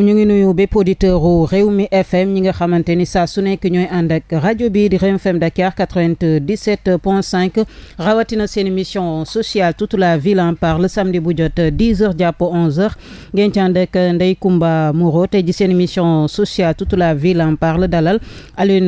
ñu ngi nuyu bépp auditeur réew Rewmi FM ñi nga xamante ni saa su nekk ñooy ànd ak rajo bii di Rewmi FM Dakar 97 point 5 rawatina seen émission sociale toute la ville en parle samedi bu jot 10 heures jàpp 11 heures ngeen ci ànd ak Ndeye Comba Moreau tey ji seen émission sociale toute la ville en parle dalal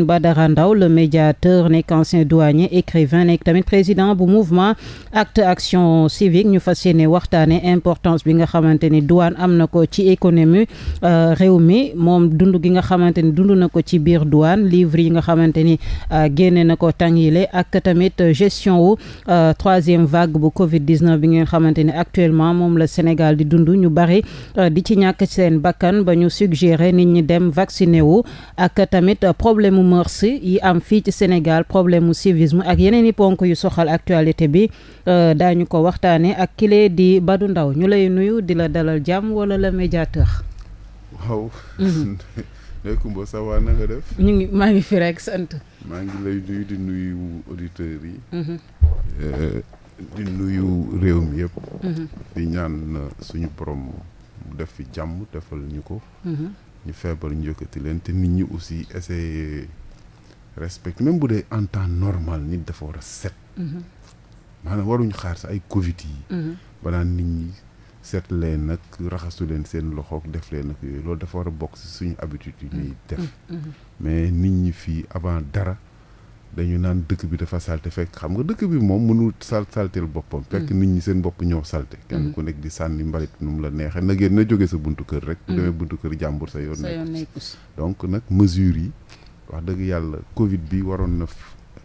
ba dara Ndao le médiateur nekk ancien douanier écrivain nekk tamit président bu mouvement acte action civique ñu fas yéene waxtaane importance bi nga xamante ni douane am na ko ci économie Euh, réew mi moom dund gi nga xamante ni dund na ko ci biir douane livre yi nga xamante ni euh, génne na ko tàngile ak tamit gestion wu euh, troisième vague bu Covid 19 bi nga xamante ni actuellement moom la Sénégal di dund ñu bari di ci ñàkk seen bakkan ba ñu suggérer nit ñi dem vacciné wu ak tamit problème mu mœurs yi am fii ci Sénégal problème mu civisme ak yeneen i ponk yu soxal actualité bi daañu ko waxtaanee ak kile di Badou ndaw ñu lay nuyu di la dalal jàmm wala le médiateur. waaw. Ndeye Comba ça va na def. maa ngi fi rek sant. maa ngi lay nuyu di nuyu auditeurs yi. Mhm. Eh, di nuyu réew mi yëpp. Mhm. di ñaan uh, suñu borom def fi jàmm defal ñu ko. Mhm. ñu feebar ñu yëkkati leen te nit ñi aussi essayer respect même bu dee en normal nit dafa war a set. maanaam waruñu xaar sa ay Covid yi. ba nit ñi. seet leen nag raxasu leen seen loxoog def leen nag yooyu loolu dafa war a bokk ci suñu habitude yu ñuy def mm, mm, mm. mais nit ñi fii avant dara dañu naan dëkk bi dafa salte fekk xam nga dëkk bi moom mënul sal salteel boppam fekk nit ñi seen bopp ñoo salte kenn ko nekk di sànni mbalit nu mu la neexee na génn na jóge sa buntu kër rek bu demee buntu kër jàmbur sa yoon nekk donc nag mesures yi wax dëgg yàlla covid bi waroon na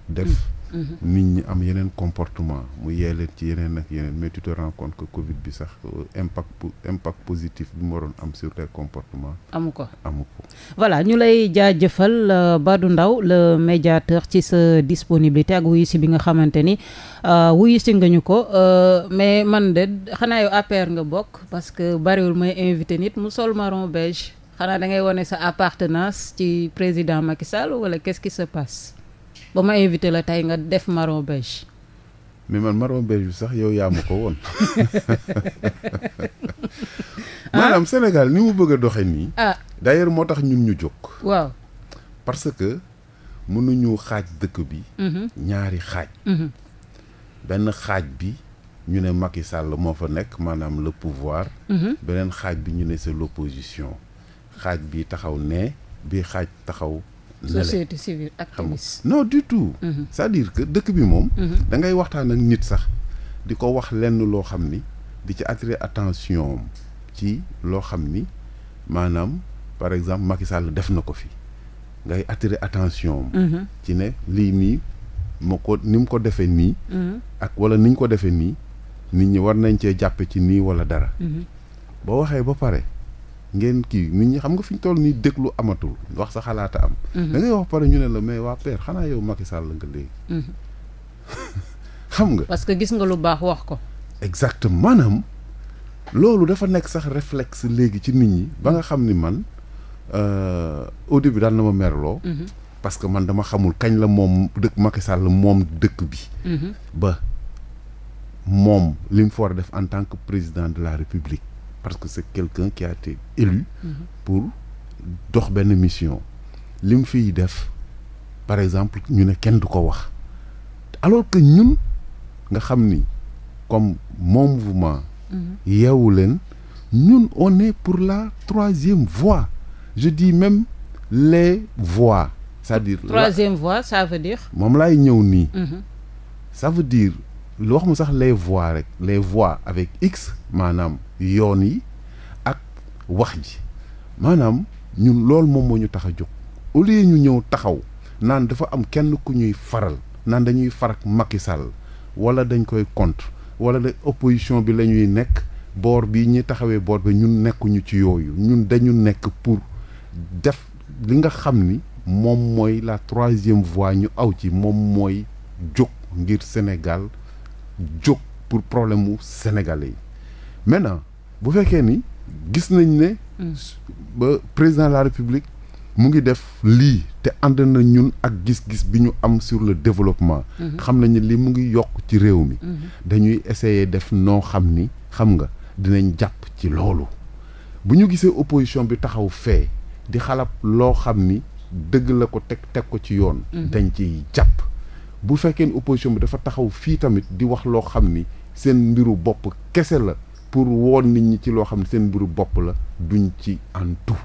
def Mm-hmm. nit ñi am yeneen comportement mu yee leen ci yeneen ak yeneen mais tu te Covid bi sax euh, impact impact positif bi mu am sur les amu ko amu ko. voilà ñu lay jaajëfal euh, Badou ndaw la médiateur ci sa disponibilité ak wuyu si bi nga xamante ni euh, wuyu si nga ñu ko mais man de xanaa yow APR nga bokk parce que bariwul may invité nit mu sol marron beige xanaa da ngay wone sa appartenance ci président Macky Sall wala qu'est-ce qui se passe. ba ma invité la tey nga def marron beige. mais man marron beige bi sax yow yaa ma ko woon. maanaam Sénégal ni mu bëgg a doxe nii. ah d'ailleurs moo tax ñun ñu jóg. waaw parce que mënuñu xaaj dëkk bi. Mhm. ñaari xaaj. Mhm. benn xaaj bi. ñu ne Macky sàll moo fa nekk maanaam le pouvoir. Mhm. beneen xaaj bi ñu ne c'est l'opposition xaaj bi taxaw ne bi xaaj taxaw société civile activiste non du tout mhm. sa à dire que dëkk bi moom mhm. dangay waxtaan ak nit sax di ko wax lenn loo xam ni di ci attirer attention ci loo xam ni maanaam par exemple Macky Sall def na ko fii ngay attirer attention mhm. ci ne lii nii ma ko ni ko defee nii ak wala niñ ko defee nii nit ñi war nañ cee jàppe ci nii wala dara boo waxee ba pare ngeen kii nit ñi xam nga fi ñu toll nii déglu amatul wax sa xalaata am. Mhm. da ngay wax pare ñu ne la mais waa père xanaa yow Macky Sall la nga léegi. Mhm. xam nga. parce que gis nga lu baax wax ko. exactement maanaam loolu dafa nekk sax réflexe léegi ci nit ñi ba nga xam ni man euh, au début daal na ma merloo. Mhm. parce que man dama xamul kañ la moom dëkk Macky Sall moom dëkk bi. ba moom li mu fa a def en tant que président de la république. parce que c'est quelqu'un qui a été élu pour dox benn mission li mu fiy def par exemple ñu ne kenn du ko wax alors que ñun nga xam ni comme mon mouvement yeewu leen ñun on est pour la troisième voie je dis même les voies c'est-à-dire troisième voie ça veut dire moom laay ñëw nii mhm. ça veut dire lu wax mu sax les voies rek les voies avec x maanaam yoon yi ak wax ji maanaam ñun loolu moom moo ñu tax a jóg au lieu ñu ñëw taxaw naan dafa am kenn ku ñuy faral naan dañuy farak Macky Sall wala dañ koy contre wala de opposition bi la ñuy nekk boor bi ñu taxawee boor bi ñu nekkuñu ci yooyu ñun dañu nekk pour def li nga xam ni moom mooy la troisième voie ñu aw ci moom mooy jóg ngir Sénégal jóg pour problème mu sénégalais yi maintenant bu fekkee ni gis nañ ne. Mm. ba président la république mu ngi def lii te ànd na ñun ak gis-gis bi ñu am sur le développement. Mm-hmm. xam nañ ne lii mu ngi yokk ci réew mi. Mm-hmm. dañuy essayer def noo xam ni xam nga dinañ jàpp ci loolu bu ñu gisee opposition bi taxaw fee di xalab loo xam ni dëgg la ko teg teg ko ci yoon. Mm-hmm. dañ ciy jàpp. bu fekkee ne opposition bi dafa taxaw fii tamit di wax loo xam ni seen mbiru bopp kese la pour woon nit ñi ci loo xam ne seen mbiru bopp la duñ ci antu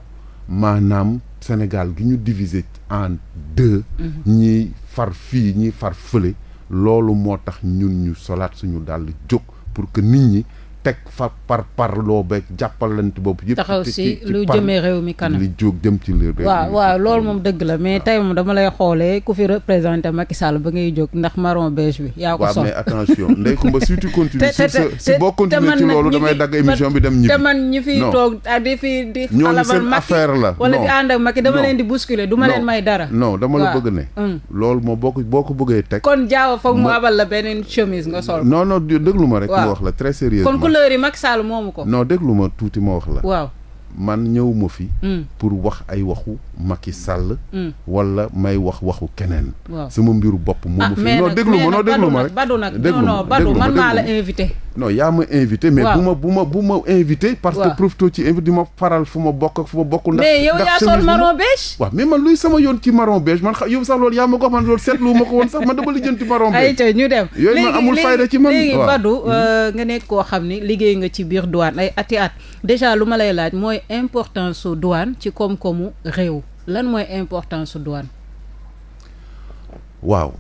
maanaam Sénégal gi ñu diviser en deux. Mhm. ñiy far fii ñiy far fële. loolu moo tax ñun ñu solaat suñu dàll jóg pour que nit ñi. teg fa par parloo beeg jàppalante boobu. yëpp taxaw si lu jëmee réew mi kanam li jóg jëm ci réew mi. waaw waaw loolu moom dëgg la mais tey moom dama lay xoolee ku ba ngay jóg ndax marron beige bi. yaa ko sol mais attention si boo continuer ci loolu damay dagg émission bi dem ñibbi. te man ñi fiy toog ah, di fi di. ñooñu seen affaire la wala di ànd ak Macky dama leen di bousculer du ma leen may dara. non dama la bëgg ne. Mm. loolu moom boo ko boo ko bëggee teg. kon jaaw foog mu abal la beneen chemise nga sol. non non déglu ma rek. mu wax la très sérieux honneur yi Macky Sall moomu ko. non déglu ma tuuti ma wax la. waaw man ñëw ma fi. Mm. pour wax ay waxu Macky Sall. Mm. wala may wax waxu keneen. waaw sama mbiru bopp moomu ah, fi. non déglu ma non déglu ma rek. Badou nag non non Badou man maa la invité. non yaa ma invité. mais bu ma bu ma bu ma invité. parce que profité ci invité di ma faral fu ma bokk ak fu ma bokkul. ndax mais yow yaa sol marron beige. waaw mais man luy sama yoon ci marron beige man yow sax loolu yaa ma ko man loolu seetlu ma ko woon sax man dama lijjanti marron beige. ayca ñu dem amul fayda ci man léegi Badou hmm? euh, nga nekk koo xam ne liggéey nga ci biir duwaan ay ati at déjà lu ma lay laaj mooy importance su douane ci koom-koomu réew lan mooy importance su douane. waaw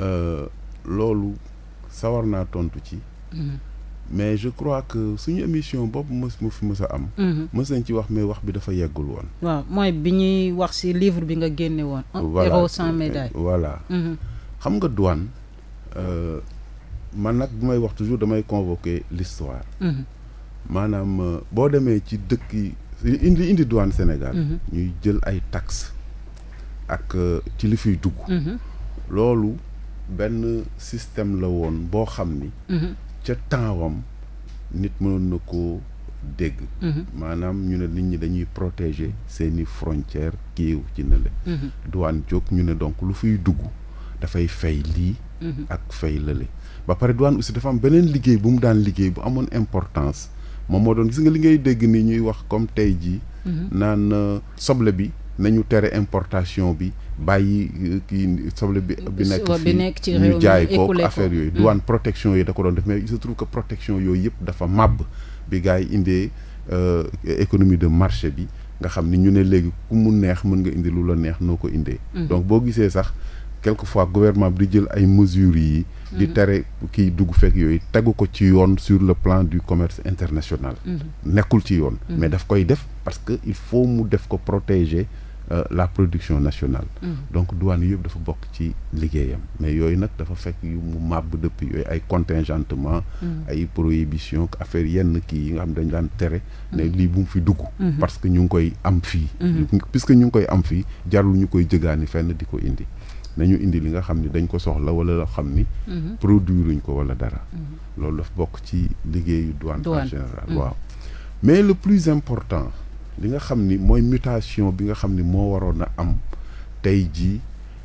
euh, loolu sawar naa tontu ci. Mm-hmm. mais je crois que suñu émission boobu mës mu fi mës a am. Mm-hmm. mës nañ ci wax mais wax bi dafa yeggul woon. waaw mooy bi ñuy wax si livre bi nga génne woon. voilà héros voilà mm-hmm. xam nga douane euh, man nag bu may wax toujours damay convoquer l'histoire maanaam euh, boo demee ci dëkk yi indi indi douane Sénégal. ñuy jël ay tax ak euh, ci li fiy dugg. loolu benn système la woon boo xam ni. ca tempsam nit mënoon na koo dégg mhm. maanaam ñu ne nit ñi dañuy protéger seeni frontière kiiw ci ne la jóg ñu ne donc lu fiy dugg dafay fay lii mhm. ak fay lële ba pare douane aussi dafa am beneen liggéey bu mu daan liggéey bu amoon importance moom moo doon gis nga li ngay dégg ni ñuy wax comme tey jii mhm. naan euh, soble bi nañu tere importation bi bàyyi euh, kii soble bi bi nekk fii ñu jaay ko affaire yooyu hmm. douane protection yi da ko doon def mais il se trouve que protection yooyu yëpp dafa màbb bi gars yi indee euh, économie de marché bi nga xam ni ñu ne léegi ku mu neex mën nga indi lu la neex noo ko indee hmm. donc boo gisee sax fois gouvernement bi di jël ay mesures yi di hmm. tere kii dugg fekk yooyu tegu ko ci yoon sur le plan du commerce international nekkul ci yoon mais daf koy def parce que il faut mu def ko protéger Euh, la production nationale. Mm. donc douane yëpp dafa bokk ci liggéeyam. mais yooyu nag dafa fekk yu mu màbb depuis yooyu ay contingentement. Mm. ay prohibition affaire yenn kii yi nga xam dañ daan tere. ne mm. fi dugg. Mm-hmm. parce que ñu ngi koy am fii. Mm-hmm. puisque ñu ngi koy am fii jarul ñu koy jëgaani fenn di ko indi. nañu indi li nga xam ni dañ ko soxla wala loo xam ni. Mm-hmm. produiruñ ko wala dara. loolu dafa bokk ci liggéeyu douane en général waaw mais le plus important. li nga xam ni mooy mutation bi nga xam ni moo waroon a am tey jii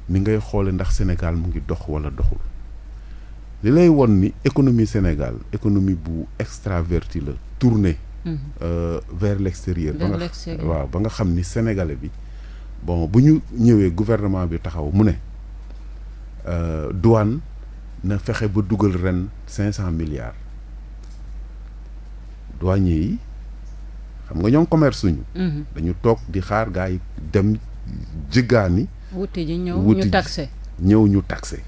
ni ngay xoole ndax Sénégal mu ngi dox wala doxul li lay won ni économie Sénégal économie bu extraverti la tournée mhm. euh, vers l'extérieur ba nga waaw ba nga xam ni sénégalais bi bon bu ñu ñëwee gouvernement bi taxaw mu ne euh, douane na fexe ba dugal ren cinq cent milliards douanier yi xam nga ñoom commerce suñu mhm. dañu toog di xaar gars dem jëggaani wuti ji ñëw ñu taxé ñëw ñu taxé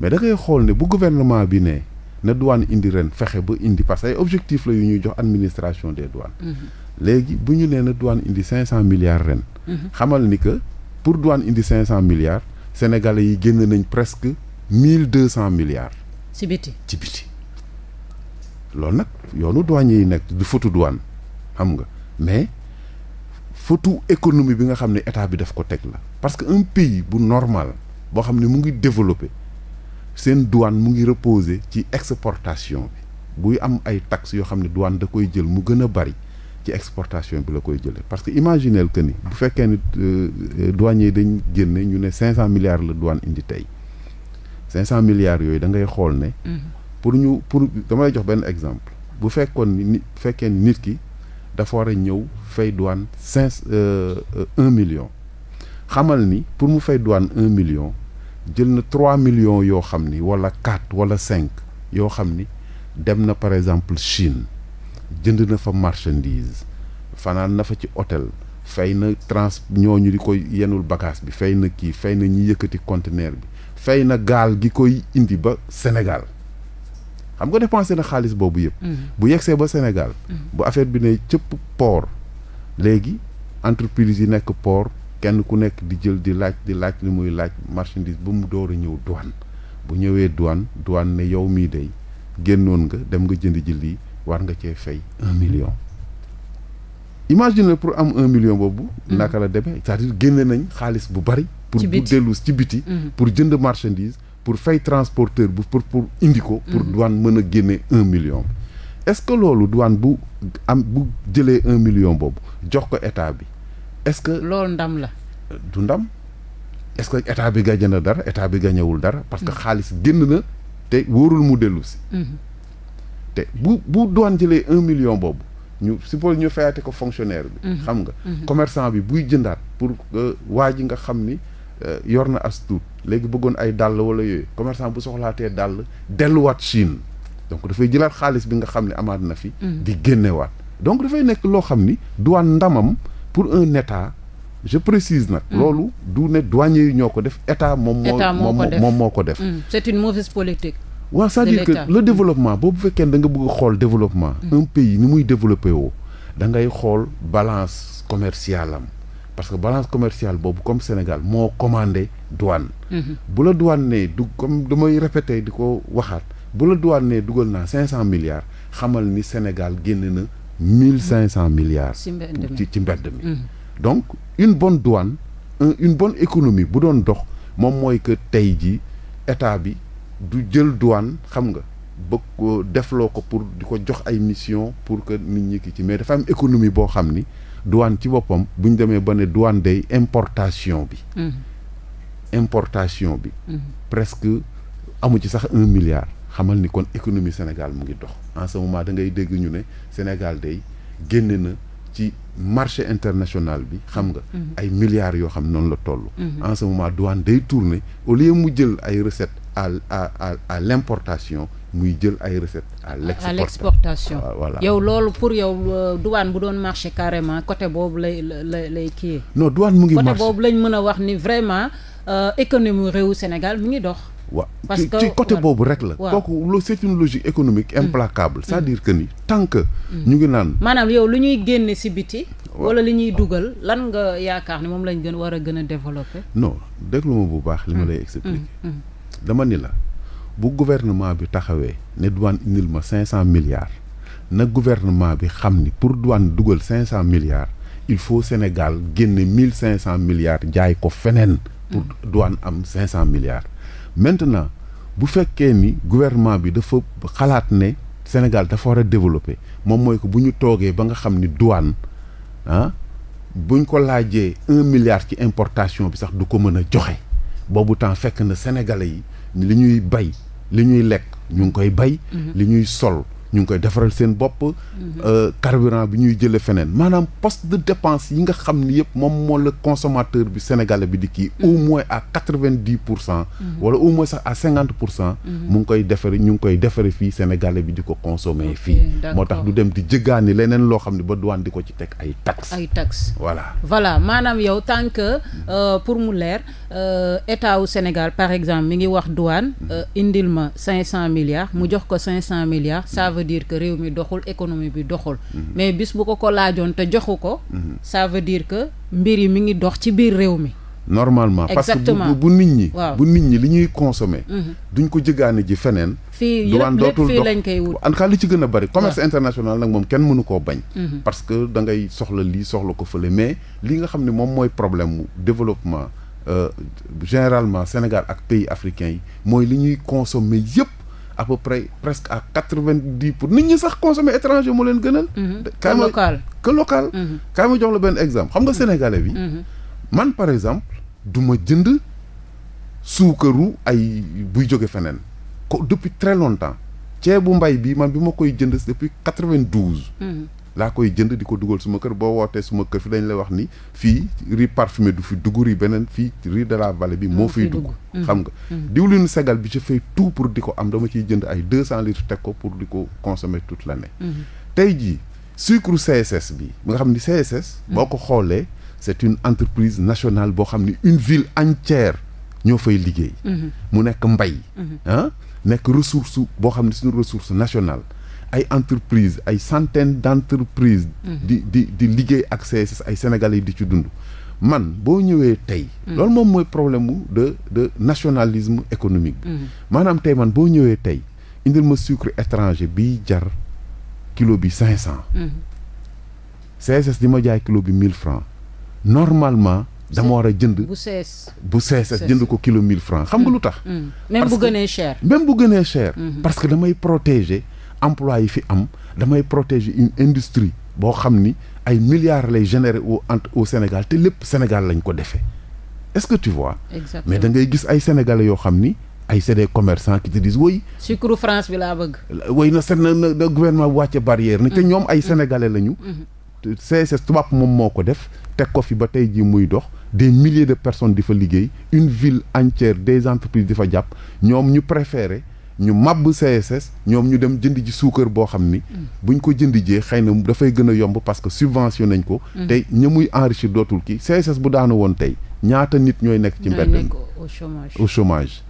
mais da ngay xool ne bu gouvernement bi ne na duwaan indi ren fexe ba indi parce que ay objectif la yu ñuy jox administration des douanes mhm. léegi bu ñu nee na douane indi cinq cent milliards ren mhm. xamal ni que pour douane indi cinq cent milliards sénégalais yi génn nañ presque mille deux cent milliards ci biti ci biti loolu nag yoonu douane yi nekk du fotu douane xam nga mais fautu économie bi nga xam ne état bi daf ko teg la parce que un pays bu normal boo xam ne mu ngi développé seen douane mu ngi reposer ci exportation bi buy am ay taxes yoo xam ne douane da koy jël mu gën a bari ci exportation bi la koy jëlee parce que imaginez que ni bu fekkee ni euh, euh, douanier dañ génne ñu ne cinq cent milliards la douane indi tey cinq cent milliards yooyu da ngay xool ne mm-hmm. pour exemple bu fekkoon fekkee nit ki dafa war a ñëw fay douane cinq euh, euh, un million xamal ni pour mu fay duwaan million jël na trois million yoo xam ni wala quatre wala cinq yoo xam ni dem na par exemple Chine jënd na fa marchandise fanaan na fa ci hôtel fay na trans ñooñu di ko yenul bagage bi fay na kii fay na ñi yëkkati conteneur bi fay na gaal gi koy indi ba Sénégal xam nga dépensé na xaalis boobu yëpp. Mm-hmm. bu yegsee ba Sénégal. Mm-hmm. bu affaire bi ne cëpp port léegi entreprise yi nekk port kenn ku nekk di jël di laaj di laaj li muy laaj marchandise ba mu door a ñëw douane bu ñëwee duwaan duwaan ne yow mii day génnoon nga dem nga jënd jël lii war nga cee fay un million. imagine pour am un million boobu. Mm-hmm. naka la demee cest à génne nañ xaalis bu bari. pour bu dellu ci biti. pour jënd marchandise. pour fay transporteur bu pour pour indi ko. pour mm. douane mën a génne un million. est-ce que loolu douane bu am bu jëlee un million boobu jox ko état bi est-ce que. loolu ndam la. du ndam est-ce que état bi gañe na dara état bi gañewul dara. parce que mm. xaalis génn na te wóorul mu dellu si. Mm-hmm. te bu bu douane jëlee un million boobu. ñu suppose ñu fayaate ko fonctionnaire bi. Mm-hmm. xam nga mm-hmm. commerçant bi buy jëndaat pour euh, waa ji nga xam ni. Eh, yor na as tuut léegi bëggoon ay dàll wala yooyu commerçant bu soxlaatee dàll delluwaat Chine donc dafay jëlaat xaalis bi nga xam ne amaat na fi. Mm. di génnewaat donc dafay nekk loo xam ni douane ndamam pour un état. je précise nag. Mm. loolu du ne douanier ñoo ko def état moom. moo moom moo ko def. Mm. c'est une mauvaise politique. waaw c'est-à-dire que le développement boobu fekkee da nga bëgg xool développement. un pays ni muy développé woo da ngay xool balance commerciale am. parce que balance commerciale boobu comme Sénégal moo commandé douane. Mhm. bu la douane nee du comme damay répété di ko waxaat bu la douane nee dugal naa cinq cent milliards xamal ni Sénégal génne na cinq cent mhm. milliards. ci mbedd mi ci mbedd mhm. donc une bonne douane un une bonne économie bu doon dox moom mooy que tey jii état bi du jël douane xam nga. bëgg ko defloo ko pour di ko jox ay mission pour que nit ñi ki ci mais dafa am économie boo xam ni douane ci boppam bu ñu demee ba ne douane day importation bi. Mhm. importation bi. Mhm. presque amu ci sax un milliard. xamal ni kon économie Sénégal mu ngi dox en ce moment da ngay dégg ñu ne Sénégal day génne na ci marché international bi xam nga. Mhm. ay milliards yoo xam noonu la toll. en ce moment douane day tourner au lieu mu jël ay recettes à à à à muy jël ay recettes à l'exportation ah, voilà yow loolu pour yow euh, duwaan bu doon marché carrément côté boobu lay lay lay kii. non douane mu ngi marché côté boobu lañ mën a wax ni vraiment euh, économie réewu Sénégal mu ngi dox. waaw parce que ci côté boobu rek la. waaw kooku c'est économique mm. implacable. cest diir dire mm. que ni tant que. Mm. ñu ngi naan. maanaam yow lu ñuy génne si biti. wala li ñuy dugal lan nga yaakaar ne moom lañ gën war a gën a développer. non déglu bu baax. li ma lay expliquer. bu gouvernement bi taxawee ne douane indil ma cinq cent milliards na gouvernement bi xam ni pour douane dugal cinq cent milliards il faut Sénégal génne mille cinq cent milliards jaay ko feneen pour mm. douane am cinq cent milliards maintenant bu fekkee ni gouvernement bi dafa xalaat ne Sénégal dafa war a développer moom mooy ko bu ñu toogee ba nga xam ni douane ah buñ ko laajee un ci importation bi sax du ko mën a joxe boobu temps fekk na sénégalais yi li ñuy bay li ñuy lekk ñu ngi koy bay. Mm-hmm. li ñuy sol ñu ngi koy defaral seen bopp. Mhm. Euh, carburant bi ñuy jëlee feneen maanaam poste de dépense yi nga xam ni yëpp moom moo la consommateur bi sénégalais bi di kii mhm. au moins à quatre vingt pour cent. Mhm. wala au moins sax à cinquante pour cent. mu ngi koy defaree ñu ngi koy defaree fii sénégalais bi di ko consommer fii. moo tax du dem di jëgaani leneen loo xam ne ba douane di ko ci teg ay taxes. ay taxes voilà. voilà maanaam yow tant que euh, pour mu leer euh, état wu Sénégal par exemple mi ngi wax douane indil ma cinq cent milliards mu jox ko cinq cent milliards veut dire que réew mi doxul économie bi doxul mais bis bu ko ko laajoon te joxu ko ça veut dire que mbir yi mi ngi dox ci biir réew mi normalement Exactement. que bu nit ñi bu nit li ñuy consommer mhm. duñ ko jëgaani ji feneen fii douane dootul dox lañ koy wut en tout cas li ci gën a bari commerce international nag moom kenn mënu koo bañ mhm. parce que da soxla lii soxla ko fële mais li nga xam ne moom mooy problème mu développement euh, généralement Sénégal ak pays africains yi mooy li ñuy consommer à peu presque à quatre-vingt-dix pour nit ñi sax consommer étranger moo leen gënal. Mhm. que local que local. kaay mhm. ma jox la benn exemple xam nga mhm. sénégalais bi. man par exemple du ma jënd suukaru ay buy jóge feneen. ko depuis très longtemps ceebu mbay bi man bi ma koy jënd depuis quatre vingt laa koy jënd di ko dugal suma kër boo wootee suma kër fi dañ lay wax ni fii riz parfumé du fi duggu riz beneen fii riz de la vallée bi moo fiy dugg mm. xam nga mm. diwlinu segal bi je fais tout pour di ko am dama ciy jënd ay deux cent litres teg ko pour di ko consommer toute ne mm-hmm. tey jii sucre CSS bi nga xam ni CSS mm. boo ko xoolee c'est une entreprise nationale boo xam ni une ville entière ñoo fay liggéey mm-hmm. mu nekk mbay mm-hmm. ah nekk ressource boo xam ne suñu ressource nationale ay entreprise ay centaines d' entreprise mhm. di di liggéey ak CSS ay sénégal yi di ci dund man boo ñëwee tey mhm. loolu moom mooy problème mu de de nationalisme économique mhm. maanaam tey man boo ñëwee tey indil ma sucre étranger bi jar kilo bi cinq cent CSS di ma jaay kilo bi mille francs normalement dama war a jënd bu sees bu jënd ko kilo mille francs xam nga lu tax même bu gënee cher même bu gënee cher parce que damay protéger emploi yi fi am damay protéger une industrie boo xam ni ay milliards lay générer au au Sénégal te lépp Sénégal lañ ko defee est-ce que tu vois. Exactement. mais da ngay gis ay sénégalais yoo xam ni ay c'est des commerçants qui te disent oui. sucre France bi laa bëgg. oui na seen na na gouvernement bu wàcce barrière ni te mm-hmm. ñoom ay mm-hmm. sénégalais lañu. CSS mm-hmm. tubaab moom moo ko def teg ko fi ba tey jii muy dox des milliers de personnes di fa liggéey une ville entière des entreprises di fa jàpp ñoom ñu préféré. ñu màbb CSS ñoom ñu dem jënd ji suukar boo xam ni mm. buñ ko jënd jee xëy na dafay gën a yomb parce que subvention nañ ko mm. tey ña muy enrichir dootul kii CSS bu daanu woon tey ñaata nit ñooy nekk ci mbedd mi au chômage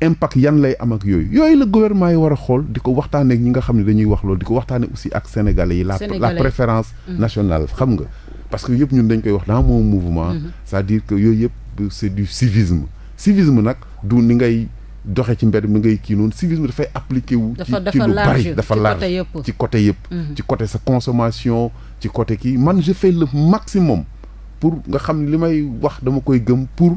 impact yan lay am ak yooyu yooyu la gouvernement yi war a xool di ko waxtaaneek ak ñi nga xam ne dañuy wax loolu di ko waxtaanee aussi ak sénégalais yi la la préférence mm. nationale xam nga parce que yëpp ñun dañ koy wax dans mon mouvement mm-hmm. cest à que yooyu yëpp c'est du civisme civisme nag du ni ngay doxee ci mbedd mi ngay kii noonu civisme dafay appliqué wu. ci ci lu bari dafa large ci côté yëpp. Mhm. ci côté sa consommation ci côté kii man je fais le maximum pour nga xam li may wax dama koy gëm pour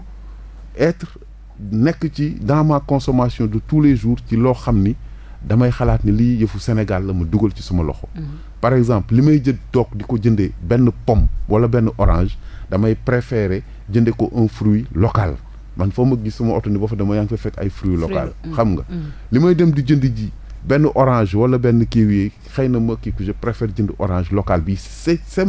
être nekk ci dans ma consommation de tous les jours ci loo xam ni damay xalaat ni lii yëfu Sénégal la ma dugal ci suma loxo. Mhm. par exemple li may jënd toog di ko jënde benn pomme wala benn orange damay préférer jëndee ko un fruit local. man foo ma gis suma oto ni boo fa dama yaa fa fekk ay fruits locaux mm. xam nga mm. li may dem di jënd ji benn orange wala benn kiwi xëy na ma kii je préfère jënd orange local bi c'est c'est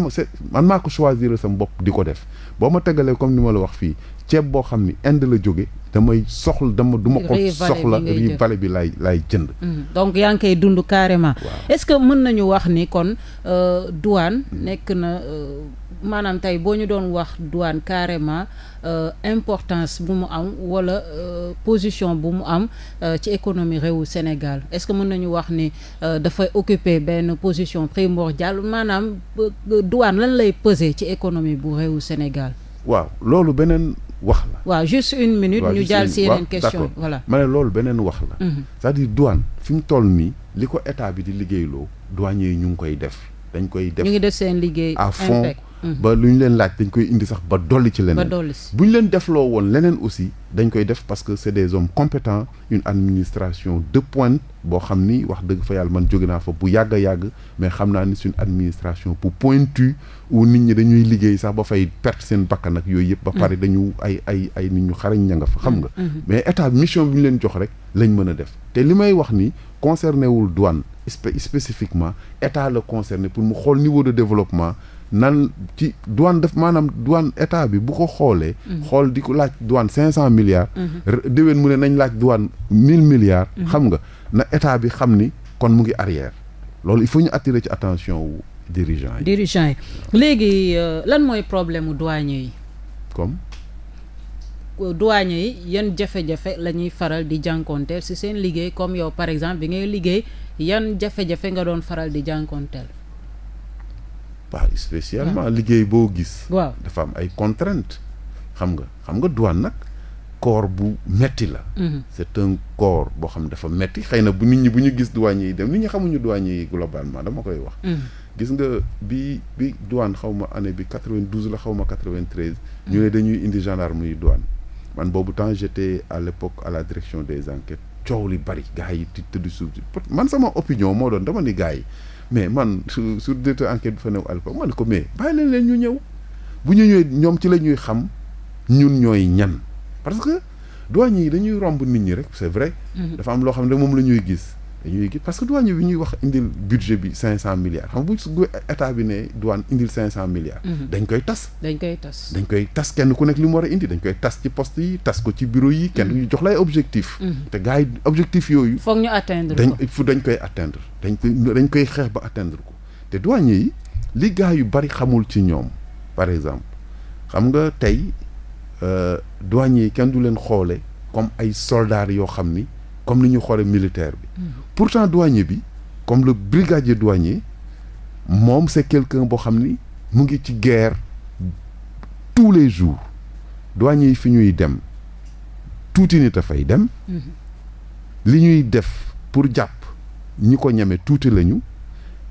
man maa ko choisir sama bopp di ko def boo ma tegalee comme ni ma la wax fii ceeb boo xam ni Inde la jóge damay soxla dama du ma ko soxla riz vallée bi laay laay jënd mm. donc yaa ngi koy dund carrément wow. est-ce que mën nañu wax ni kon euh, douane nekk na euh, maanaam tey boo ñu doon wax duwaan carrément euh, importance bu mu am wala euh, position bu mu am euh, ci économie réewu Sénégal est-ce que mën nañu wax ni euh, dafay occuper benn position primordiale maanaam douane lan lay peser ci économie bu réewu Sénégal waaw loolu beneen wax la. waaw juste une minute ñu jàll si yeneen question voilà ma ne loolu beneen wax la. sa à dire fi mu toll nii li ko état bi di liggéeyloo douanier ñu ngi koy def. dañ koy def ñu ngi def seen liggéey à fond mm-hmm. ba lu ñu leen laaj dañ koy indi sax ba dolli ci leneen bu ñu leen defloo woon leneen aussi dañ koy def parce que c'est des hommes compétents une administration de pointe boo xam ni wax dëgg fa yàlla man jóge naa fa bu yàgg a yàgg mais xam naa ni c'est une administration bu pointue où nit ñi dañuy liggéey sax ba fay perte seen bakkan nag yooyu yëpp ba mm-hmm. pare dañu ay ay ay nit ñu xarañ ña nga fa xam nga mm-hmm. mais état mission bi ñu leen jox rek lañ mën a def te li may wax ni concerné wul douane spécifiquement état la conserné pour mu xool niveau de développement nan ci douane def maanaam douane état bi bu ko xoolee. Mm-hmm. xool di ko laaj douane cinq cent milliards. Mm-hmm. déwén mu ne nañ laaj douane mille milliards. Mm-hmm. xam nga na état bi xam ni kon mu ngi arrière loolu il faut ñu attirer ci attention wu dirigeant yi. dirigeant yi léegi euh, lan mooy problème mu douanier yi. douane yi yan jafe-jafe la ñuy faral di jànkonteel si seen liggéey comme yow par exemple bi ngay liggéey yan jafe-jafe nga doon faral di jànkonteel pas spécialement liggéey boo gis waaw dafa am ay contraintes xam nga xam nga douane nag corps bu metti la mhm. c'est boo xam dafa metti xëy na bu nit ñi bu ñu gis douane yi dem nit ñi xamuñu douane yi globalement dama koy wax mhm. gis nga bi bi douane xaw ma année bi 92 la xaw ma 93 ñu ne dañuy indi gendarme yi douane man boobu temps j'étais à l'époque à la direction des enquêtes coow li bari gars yi di tëdd suuf man sama opinion moo doon dama ni gars yi mais man su su directeur enquête bi fa new alpha man ko mais bàyyi leen leen ñu ñëw bu ñu ñëwee ñoom ci la ñuy xam ñun ñooy ñan parce que douane yi dañuy romb nit ñi rek c'est vrai. Mm-hmm. dafa am loo xam ne moom la gis. dañuy parce que douane bi ñuy wax indil budget bi cinq cent milliards xam bu bu état bi ne douane indil cinq cent milliards mhm. dañ koy tas dañ koy tas dañ koy tas kenn ku nekk li mu war a indi dañ koy tas ci poste yi tas ko ci bureau yi kenn ñu mhm. jox lay objectif mhm. gars yi objectif yooyu foog ñu atteindre dañ dañ koy atteindre dañ dañ koy xeex ba atteindre ko te douane yi li yu bari xamul ci ñoom par exemple xam nga tey euh, douane yi kenn du leen xoole comme ay soldats yoo xam ni comme ni ñu xoolee militaire bi. Mm. pourtant douanier bi comme le brigadier douanier moom c'est quelqu'un boo xam ni mu ngi ci guerre tous les jours douanier yi fi ñuy dem tuuti nit a fay dem. Mm-hmm. li ñuy def pour jàpp ñi ko ñeme tuuti lañu.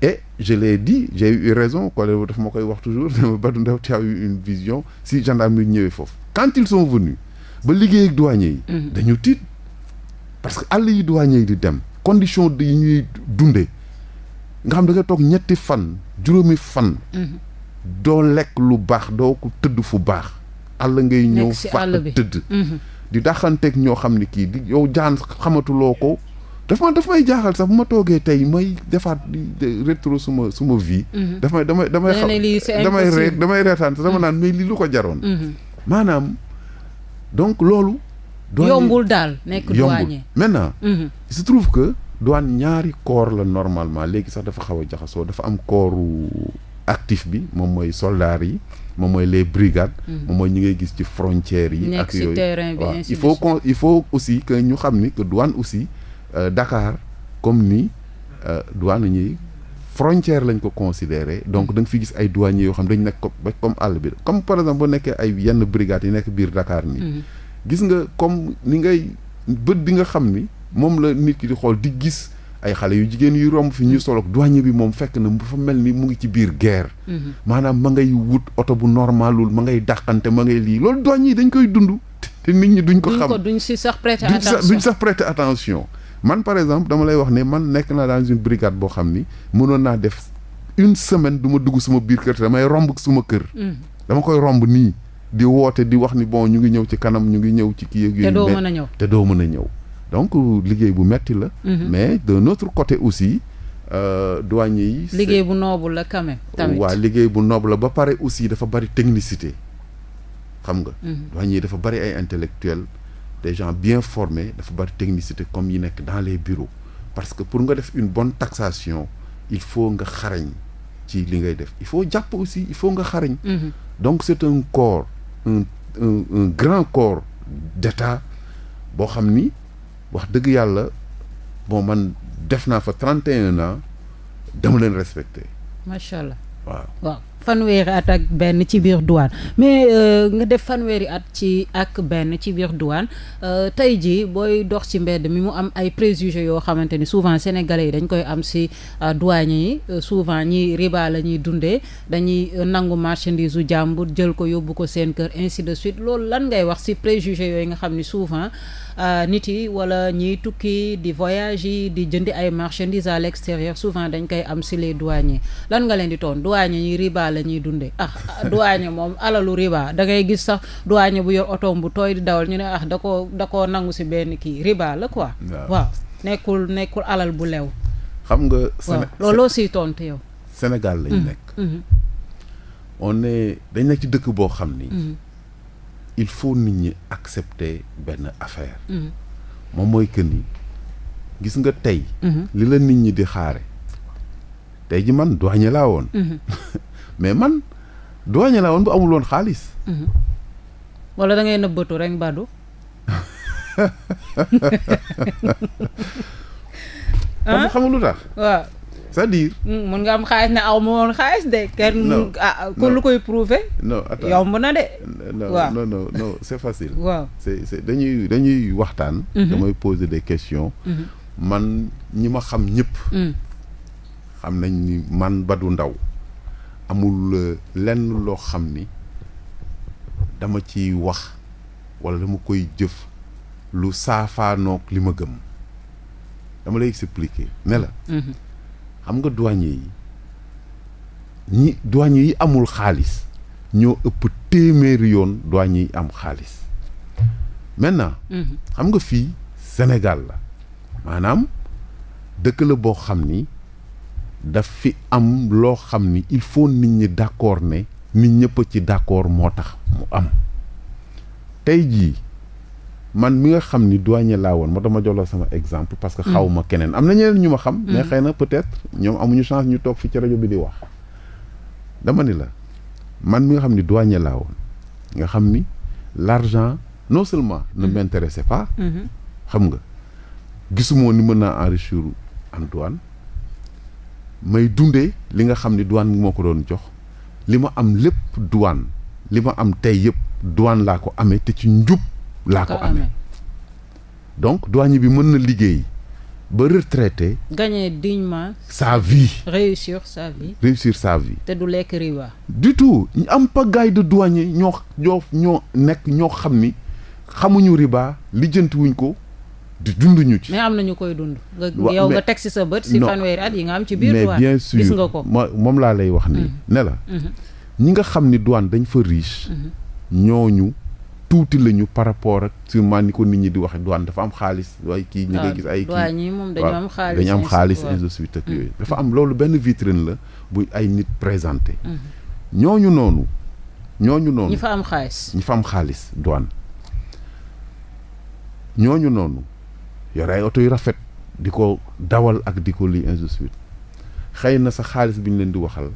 et je l'ai dit j'ai eu raison collègue daf ma koy wax toujours ba du Ndao tu as eu une vision si gendarme yi ñëwee foofu quand ils sont ba liggéey ak douanier yi mm-hmm. dañu tiit parce que àll yi douanier yi di dem condition yi ñuy dundee nga xam da nga toog ñetti fan juróomi fan. Mm-hmm. doo lekk lu baax doo ko tëdd fu baax. àll ngay ñëw fàq tëdd. Mm-hmm. di daxanteeg ñoo xam ni kii di yow jaan xamatuloo ko. dafa ma dafa may jaaxal sax bu ma toogee tey may defaat rétro suma suma vie. Mm-hmm. dafa damay damay xam damay ree damay reetaan sax dama naan mais lii lu ko jaroon. maanaam donc loolu yombul daal nekk douanier maintenant mhm. il se trouve que douane ñaari corps la normalement léegi sax dafa xaw a jaxasoo dafa am corps actif bi moom mooy soldats yi moom mooy les brigades mhm. moom mooy ñu ngay gis ci frontières yi ak yooyu waaw il faut qu'on il faut aussi que ñu xam ni que douane aussi dakaar euh, Dakar comme ni euh, douane ñuy frontière lañ ko considéré donc da fi gis ay douaniers yoo xam dañ nekk comme àll bi comme par exemple boo nekkee ay yenn brigades yi nekk biir Dakar nii mhm. gis nga comme ni ngay bët bi nga xam ni moom la nit ki di xool di gis ay xale yu jigéen yu romb fi ñu soloog douane bi moom fekk na fa mel ni mu ngi ci biir guerre. Mhm. maanaam ma ngay wut oto bu normalul ma ngay dàqante ma ngay lii loolu douane yi dañ koy dund. te nit ñi duñ ko xam duñ si sax prêter attention sax prêter attention. man par exemple dama lay wax ne man nekk naa dans une brigade boo xam ni mënoon naa def une semaine du ma dugg suma biir kër te damay romb suma kër. Mhm. dama koy romb nii. di woote di wax ni bon ñu ngi ñëw ci kanam ñu ngi ñëw ci kii ak. te doo mën a ñëw te doo mën a ñëw. donc liggéey bu metti la. Mm-hmm. mais d'un autre côté aussi. Euh, douane yi. liggéey bu noble la quand tamit liggéey bu noble la ba pare aussi dafa bari technicité xam nga. Mm-hmm. douane yi dafa bari ay intellectuels des bien formés dafa bari comme yi nekk dans les bureaux parce que pour nga def une bonne taxation il faut nga xarañ ci li ngay def il faut jàpp aussi il faut nga xarañ. Mm-hmm. donc c'est un un un un grand corps d'État boo xam ni wax dëgg yàlla bon man def naa fa 31 ans dama leen respecté. macha allah waaw. fanweeri at ak benn ci biir douane mais euh, nga def fanweeri at ci ak benn ci biir douane euh, tey jii booy dox ci mbedd mi mu am ay préjugés yoo xamante ni souvent sénégalais yi dañ koy am si euh, douane yi souvent ñi riba la ñuy dundee dañuy nangu marchandise su jàmbur jël ko yóbbu ko seen kër in ainsi de suite loolu lan ngay wax si préjugés yooyu nga xam ni souvent. Euh, nit yi wala ñiy tukki di voyage yi di jëndi ay marchandises à l'extérieur souvent dañ koy am si les douaniers lan nga leen di toon douanier yi riba la ñuy dundee ah douanier moom alalu riba dangay gis sax douanier bu yor otoom bu tooy di dawal ñu ne ah da koo nangu si benn kii riba la quoi waaw nekkul nekkul alal bu lew xam nga looloo siy tontu mhm. nekk mhm. on dañ nekk ci dëkk boo xam ni mhm. il faut nit ñi accepter benn affaire. Mm. moom mooy que ni gis nga tey. Mm-hmm. li la nit ñi di xaare tey ji man douanier laa woon. Mm-hmm. mais man douanier laa woon bu amul woon xaalis. Mm-hmm. wala da ngay nëbbatu rek Badou. ah xam nga lu tax. c'est-à-dire. Hmm, mun nga am xaalis ne aw ma xaalis de. kenn ah ku lu koy prouver. yomb na de. waaw non non c'est facile. waaw c'est dañuy dañuy waxtaan. Mhm. damay poser des questions. Mhm. man ñi ma xam ñëpp. Hmm. xam nañ ni man Badou ndaw amul euh, lenn loo xam ni dama ciy wax wala dama koy jëf lu saafaanoog li ma gëm dama lay expliquer ne la. Mhm. xam nga douanier yi ñi douanier yi amul xaalis ñoo ëpp téeméeri yoon douanier yi am xaalis maintenant. Mhm. xam nga fii Sénégal la maanaam dëkk la boo xam ni daf fi am loo xam ni il faut nit ñi d'accord ne nit ñëpp ci d'accord moo tax mu am tey jii. man mi nga xam ni douanier laa woon moo dama jox la sama exemple parce que mm. xaw ma keneen am na ñeneen ñu ma xam mais mm. xëy na peut-être ñoom amuñu chance ñu toog fi ci rajo bi di wax dama ni la man mi nga xam ni douanier laa woon nga xam ni l'argent non seulement ne mm. m'intéressait pas mm-hmm. xam nga gisumoo ni mën naa enrichir en douane may dundee li nga xam ni douane moo ko doon jox li ma am lépp douane li ma am tey yëpp douane laa ko amee te ci njub laa ko amee donc douanier bi mën na liggéey ba retraité. gagner dignement sa vie. réussir sa sa vie. te du lekk riba. du tout ñu am pagaille de douanier ñoo ñoo ñoo nekk ñoo xam ni xamuñu riba lijjanti wuñ ko di dund ci. mais am na koy dund. nga yow nga teg ci sa bët. si fanweeri at yi nga am ci biir. douane gis nga ko. moom laa lay wax nii. Mm-hmm. ne la mm-hmm. ñi nga xam ni douane dañ fa riche. Mm-hmm. ñooñu. tuuti la ñu par rapport ak sûrement ni ko nit ñi di waxe douane dafa am xaalis waaye kii ñu ngay gis ay kii ah, moom dañu am xaalis dañu am xaalis ainsi de suite ak yooyu dafa am loolu benn vitrine la bu ay nit présenté mhm. ñooñu noonu ñooñu noonu ñi fa am xaalis ñi fa am xaalis douane ñooñu noonu yore ay oto yu rafet di ko dawal ak di ko li ainsi de suite xëy na sa xaalis bi ñu leen di waxal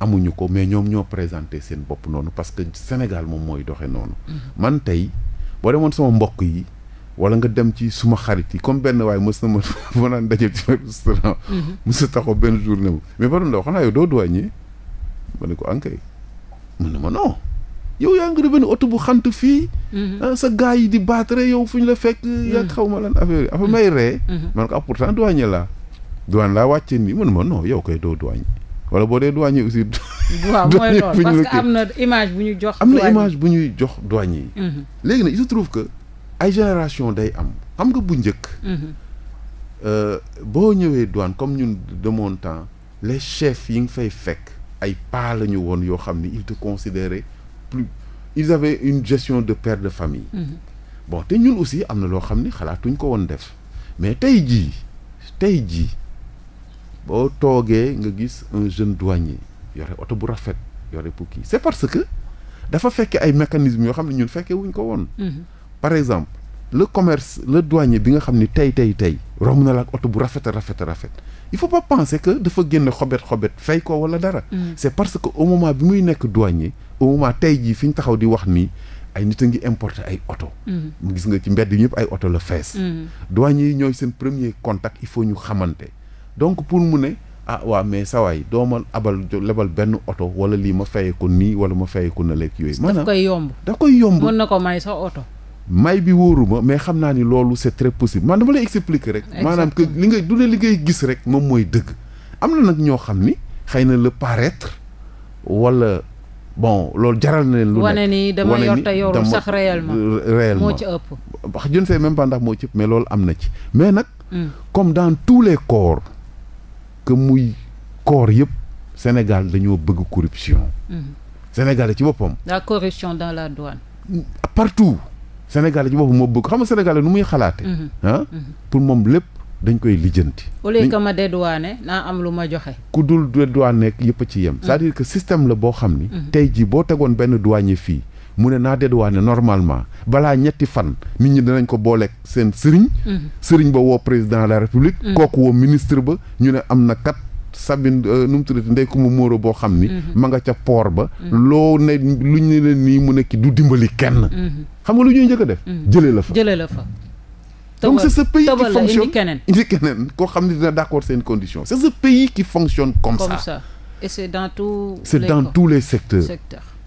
amuñu ko mais ñoom ñoo présenté seen bopp noonu parce que Sénégal moom mooy doxe noonu. Mm-hmm. man tey boo demoon sama mbokk yi wala nga dem ci suma xarit yi comme benn waaye mës na ma ma naan mm-hmm. benn journée ah, mu mais ba doon ko ankay mun na ma non. yow yaa ngi benn oto bu xant fii. Mm-hmm. Ah, sa gars yi di baatre yow fu ñu la fekk. yaa xaw ma lan affaire yi affaire may ree. man ko ah pourtant douanier laa. douane laa wàccee nii man ma non yow koy doo douanier. wala boo dee douane yi aussi. waaw mooy loolu parce que am na image bu ñu jox. am ñuy jox douane yi. Mhm. léegi na il se trouve que ay génération day am xam nga bu njëkk. Mhm. Euh, boo ñëwee douane comme ñun de mon temps les chefs yi nga fay fekk ay paa la ñu woon yoo xam ni ils te considéraient plus ils avaient une gestion de père de famille. Mhm. bon te ñun aussi am na loo xam ni xalaatuñ ko woon def mais tey jii tey jii. boo toogee nga gis un jeune douanier yore oto bu rafet yore pukki c'est parce que dafa fekkee ay mécanismes yoo xam ne ñun fekkee wuñ ko woon mhm. par exemple le commerce le douanier bi nga xam ni tey tey tey romb na la ak oto bu rafet rafet rafet il faut pas penser que dafa génne xobet xobet fay ko wala dara mhm. c'est parce que au moment bi muy nekk douanier au tey jii fi ñu taxaw di wax nii ay nit a ngi importer ay oto mhm. gis nga ci mbedd yi ñëpp ay oto la yi ñooy seen premier contact il faut ñu xamante donc pour mu ne ah waaw mais sawaay doo ma abal lebal benn oto wala lii ma fayee ko nii wala ma fayee ko na leeg yooyu maanaam daf koy yomb daf koy yomb mën na ko may sa oto may bi wóoruma mais xam naa ni loolu c'est très possible man dama lay expliquer rek maanaam li ngay du ne li gis rek moom mooy dëgg am na nag ñoo xam ni xëy na le paraître wala bon loolu jaral na leen lu wane ni dama yor te yorul sax réellement euh, réellement moo ci ëpp wax je ne sais même pas moo ci ëpp mais loolu am na ci mais nag hmm. comme dans tous les corps que muy corps yëpp Sénégal dañoo bëgg corruption. Mhm. Sénégal ci boppam. la corruption dans la douane. partout Sénégal ci boppam moo bëgg xam nga Sénégal nu muy xalaate mhm. ah? mhm. pour moom lépp dañ koy lijjanti. au lieu que ma dédouané naa am lu ma joxe. ku dul dédouané yëpp a ci yem. c'est-à-dire que la boo xam ni. tey jii boo tegoon benn douanier fii. mu ne naa dédouané normalement balaa ñetti fan nit ñi danañ ko booleeg seen sëriñ. Mm-hmm. sëriñ ba woo président la république. Mm-hmm. kooku woo ministre ba ñu ne am na kat. Sabine euh, nu mu tuddati ndey ku mu móoro boo xam ni. Mm-hmm. ma nga ca poor ba. loo ne lu ñu ne nii mu nekk du dimbali kenn. xam nga lu ñuy njëkk a def. jëlee la fa jëlee la fa. donc c'est ce indi keneen koo xam ne dina d'accord seen condition c'est ce pays qui fonctionne comme ça. comme ça et c'est dans c'est dans tous les secteurs.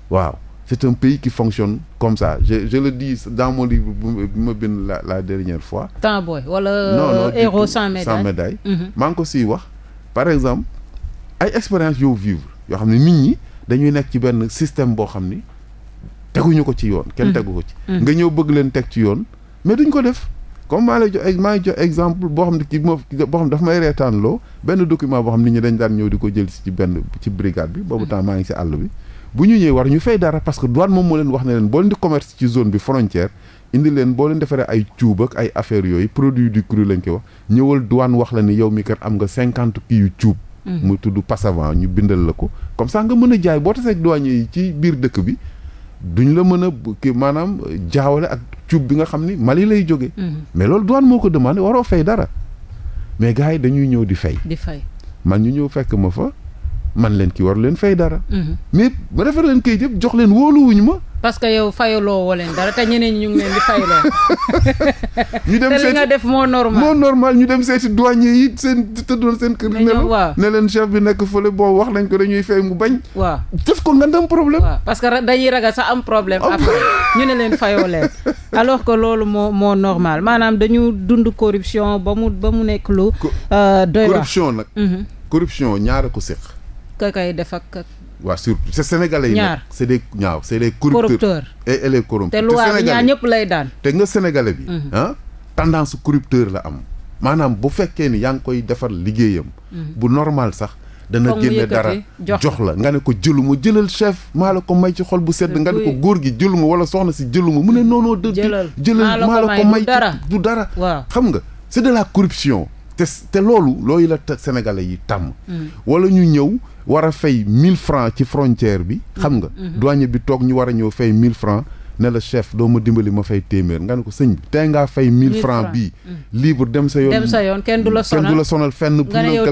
waaw. c'est un pays qui fonctionne comme sa je je le dis dans mon livre ma bind la la dernière fois. temps booy wala. Euh, héros sans médaille sans médaille. Mhm. par exemple ay expérience yow yoo xam ne nit ñi dañuy nekk ci benn système boo xam ni teguñu ko ci yoon. kenn mhm. tegu ko ci. Mhm. nga ñëw bëgg leen teg ci yoon mais duñ ko def. comme maa lay ngi jox exemple boo xam ne kii moo boo xam ne dafa may reetaanloo benn document boo xam ne ñu dañ daan ñëw di ko jël ci benn ci brigade bi. boobu temps maa ngi si àll bi. bu ñu ñëwee war ñu fay dara parce que douane moom moo leen wax ne leen boo leen di commerce ci zone bi frontière indi leen boo leen defaree ay cuub ay affaires yooyu produit du cru lañ koy wax ñëwal douane wax la ni yow mi kat am nga cinquante kii yu cuub. Mm. mu tudd passavant ñu bindal la ko. comme ça nga mën a jaay boo tasee ak yi ci biir dëkk bi duñu la mën a kii maanaam jaawale ak cuub bi nga xam ni Mali lay jóge mm. mais loolu douane moo ko demandé waroo fay dara mais gars yi dañuy ñëw di fay. di fay man ñu ñëw fekk ma fa. man leen ki waru leen fay dara. Mhm. mais ba defar leen kayit yëpp jox leen wóoluwuñu ma. parce que yow fayaloo woo leen dara te ñeneen ñu ngi leen di fayaloo. ñu te li nga def moo normal moo normal ñu dem seeti douanier yi seen tëddoon seen kër. ne waaw ne leen chef bi nekk fële bon wax nañ ko dañuy fay mu bañ. waaw def ko nga dem problème. waaw parce que dañuy ragal sax am problème. ñu ne leen fayoo leen. alors que loolu moo moo normal maanaam dañu dund corruption ba mu ba mu nekk lu. Euh, doy waar corruption nag. Mhm. corruption ñaara ko séq. ka koy def ak. waaw surtout c'est sénégalais yi nag c'est des ñaaw c'est des corrupteurs et et les corrompus te ñaar ñëpp lay daan te nga sénégalais bi mhm. ah tendance la am maanaam bu fekkee ni yaa ngi koy defar liggéeyam mhm. bu normal sax dana génne dara jox la nga ne ko jëluma jëlal chef maa la ko may ci xol bu sedd nga ne ko góor gi jëluma wala soxna si jëluma mu ne noonoo dëdd jëlal maa la ko may du dara waaw xam nga c'est de la corruption te loolu looyu la sénégalais yi tàmm mhm. war a fay mille francs ci frontière bi. xam nga mm-hmm. mm-hmm. douane bi toog ñu war a ñëw fay mille francs ne la chef doo ma dimbali ma fay téeméer nga ne ko sëñ bi tey ngaa fay mille francs bii. Mm. lii bu dem sa yoon kenn du la sonal fenn. nga ne yow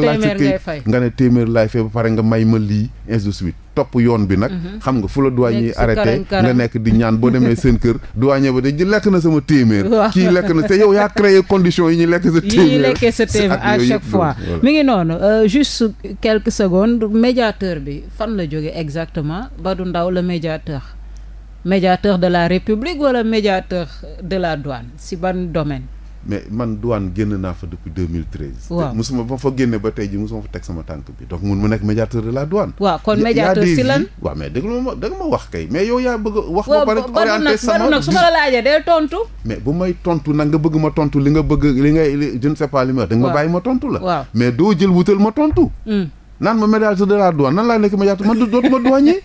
nga ne téeméer laay fay ba pare nga may ma lii ainsi de suite. topp yoon bi nag mhm. xam nga fu la douanier arrêté nga nekk di ñaan boo demee seen kër douanier ba de lekk na sama téeméer kii lekk na te yow yaa yi ñuy lekk sa téeméer yi ñuy lekkee sa téeméer à chaque fois mi ngi noonu euh, juste quelques secondes médiateur bi fan la jóge exactement Badou Ndao la médiateur médiateur de la République wala médiateur de la douane si ban domaine mais man douane génn naa fa depuis 2013. waaw musuma ba fa génne ba tey ji musuma fa teg sama tànk bi donc mun mu nekk médiateur de la douane. waaw kon médiateur si lan waaw mais déglu ma da nga ma wax kay mais yow yaa bëgg wax ba pare orienté sama nag su ma la laajee day tontu. mais bu may tontu nag nga bëgg ma tontu li nga bëgg li ngay je ne danga ma bàyyi ma tontu la. mais doo jël wutal ma tontu. Hmm. naan ma médiateur de la douane nan laa nekk médiateur man dootuma douanier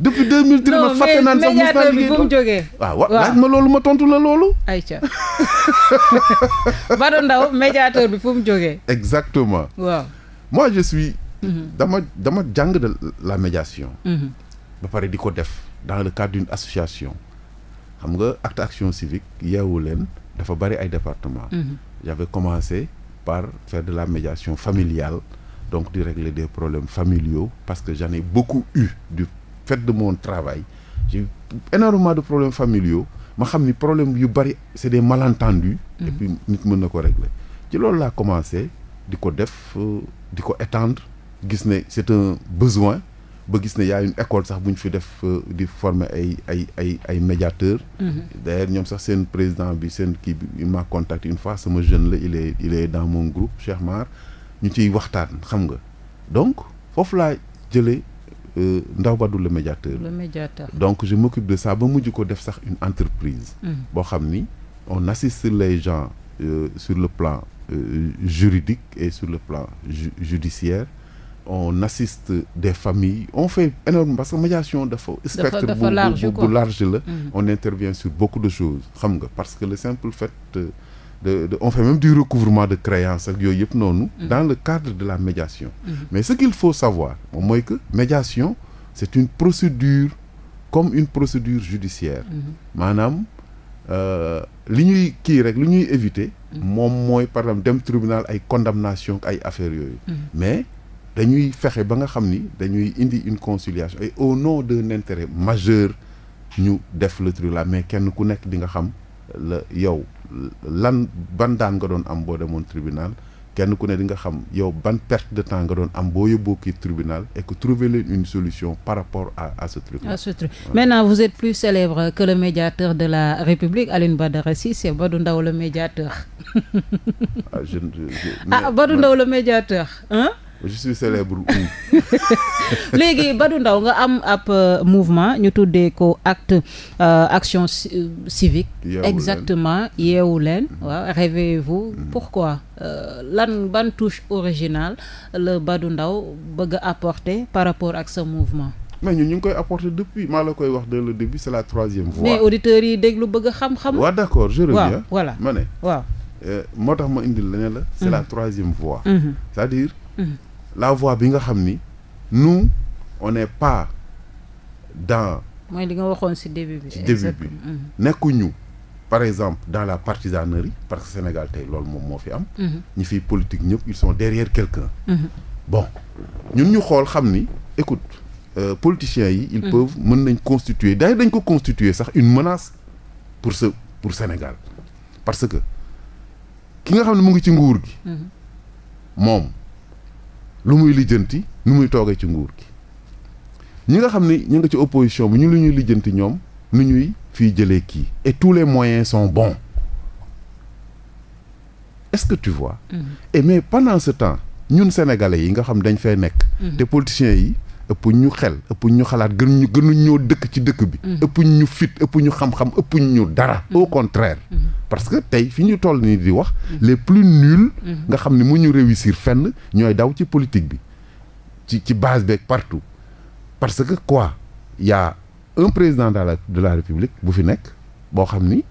depuis 2003 ma fàtte naan sax mos naa liggéey bu mu jógee ah, waaw ma loolu ma tontu la loolu ayca Badou Ndao médiateur bi fu mu jógee exactement waaw moi je mhm. dama dama jàng de la médiation mhm. ba pare di ko def dans le cadre d'une association xam nga acte action civique yeewu leen dafa bari ay département mhm. j'avais commencé par faire de la médiation familiale donc di régler des problèmes familiaux parce que j'en ai beaucoup eu du fait de mon travail j'ai énormément de problèmes familiaux ma xam ni problème yu bari c'est des malentendus mm -hmm. et nit mën na ko régler ci loolu laa commencé di ko def euh, di ko étendre gis ne c'est un besoin ba gis ne yaa une école sax bu ñu fi def euh, di former ay ay ay ay médiateurs mm-hmm. d'ailleurs ñoom sax seen président bi seen kii bi il m'a contacté une fois sama jeune la il est il est dans mon groupe Cheikh Mar ñu ciy waxtaan xam nga donc foofu laa jëlee euh, Ndaw Badou le médiateur. le médiateur donc je m'occupe de ça ba mujj ko def sax une entreprise. Mm. boo xam ni on assiste les gens euh, sur le plan euh, juridique et sur le plan ju judiciaire on assiste des familles on fait énorme parce que médiation dafa spectre bu large la mm. on intervient sur beaucoup de choses xam nga parce que le simple fait euh, de de on fait même du recouvrement de créances ak yooyu yëpp noonu. Mhm. dans le cadre de la médiation. Mhm. mais ce qu'il faut savoir moom mooy que médiation c'est une procédure comme une procédure judiciaire. Mhm. maanaam euh, li ñuy kii rek li ñuy éviter. moom mooy par exemple dem tribunal ay condamnation ay affaires yooyu. mais dañuy fexe ba nga xam ni dañuy indi une conciliation et au nom d'un intérêt majeur ñu def le tribunal mais kenn ku nekk di nga xam la yow. lan ban daan nga doon am boo demoon tribunal kenn ku ne di nga xam yow ban perte de temps nga doon am boo yóbboo kii tribunal et que trouver leen une solution par rapport à à ce truc. à ce truc voilà. maintenant vous êtes plus célèbre que le médiateur de la République Alioune Badara ba Badou Ndao le médiateur. ah je je je. ah médiateur je suis célèbre où léegi Badou Ndao nga am ab euh, mouvement ñu tuddee ko acte euh, action euh, civique exactement yeewu leen mm-hmm. waaw réveillez-vous mm-hmm. pourquoi lan ban touche originale la du ndaw bëgg a apporter par rapport ak sa mouvement mais ñu ñu ngi koy apporter depuis maa la koy wax dès le début c'est la troisième fois mais auditeurs yi déglu bëgg a xam-xam waaw d'accord je reviens voilà ma ne waaw moo tax ma indil la ne la c'est mm-hmm. la troisième fois cest dire la voie bi nga xam ni nous on pas dans. mooy li nga waxoon ci début bi. ci début bi mm-hmm. nekkuñu par exemple dans la partisanerie parce que Sénégal tey loolu moom moo fi am. Mm-hmm. ñi fiy politique ñëpp ils sont derrière quelqu'un mm-hmm. bon ñun ñu xool xam ni écoute euh, politiciens yi. ils mmh. mën nañ constituer day dañ ko constituer sax une menace pour ce pour Sénégal parce que ki nga xam ne mu ngi ci nguur gi. moom. lu muy lijjanti nu muy toogee ci nguur gi ñi nga xam ni ñu ngi ci opposition bi ñu lu ñuy lijjanti ñoom nu ñuy fii jëlee kii et tous les moyens son bon est-ce que tu vois. Mm-hmm. et mais pendant ce temps ñun sénégalais yi nga xam dañ fay nekk. Mm-hmm. te politiciens yi. ëpp ñu xel ëpp ñu xalaat gën ñu gënu ñoo dëkk ci dëkk bi. Mm-hmm. ëpp ñu fit ëpp ñu xam-xam ëpp ñu dara. Mm-hmm. au contraire. Mm-hmm. parce que tey fi ñu toll nii di wax. les plus nuls. nga xam ni mu ñu réussir fenn ñooy daw ci politique bi ci ci base beeg partout parce que quoi y un président de la de la république bu fi nekk boo xam ni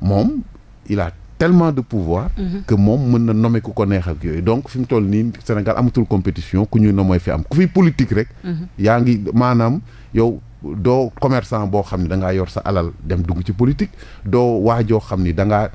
moom il a. tellement de pouvoir. Mhm. que moom mën na nommer ku ko neex ak yooyu donc fi mu toll nii Sénégal amatul compétition ku ñu ne mooy fi am ku fi politique rek. Mhm. yaa ngi maanaam yow doo commerçant boo xam ne da ngaa yor sa alal dem dugg ci politique doo waajoo xam ni da ngaa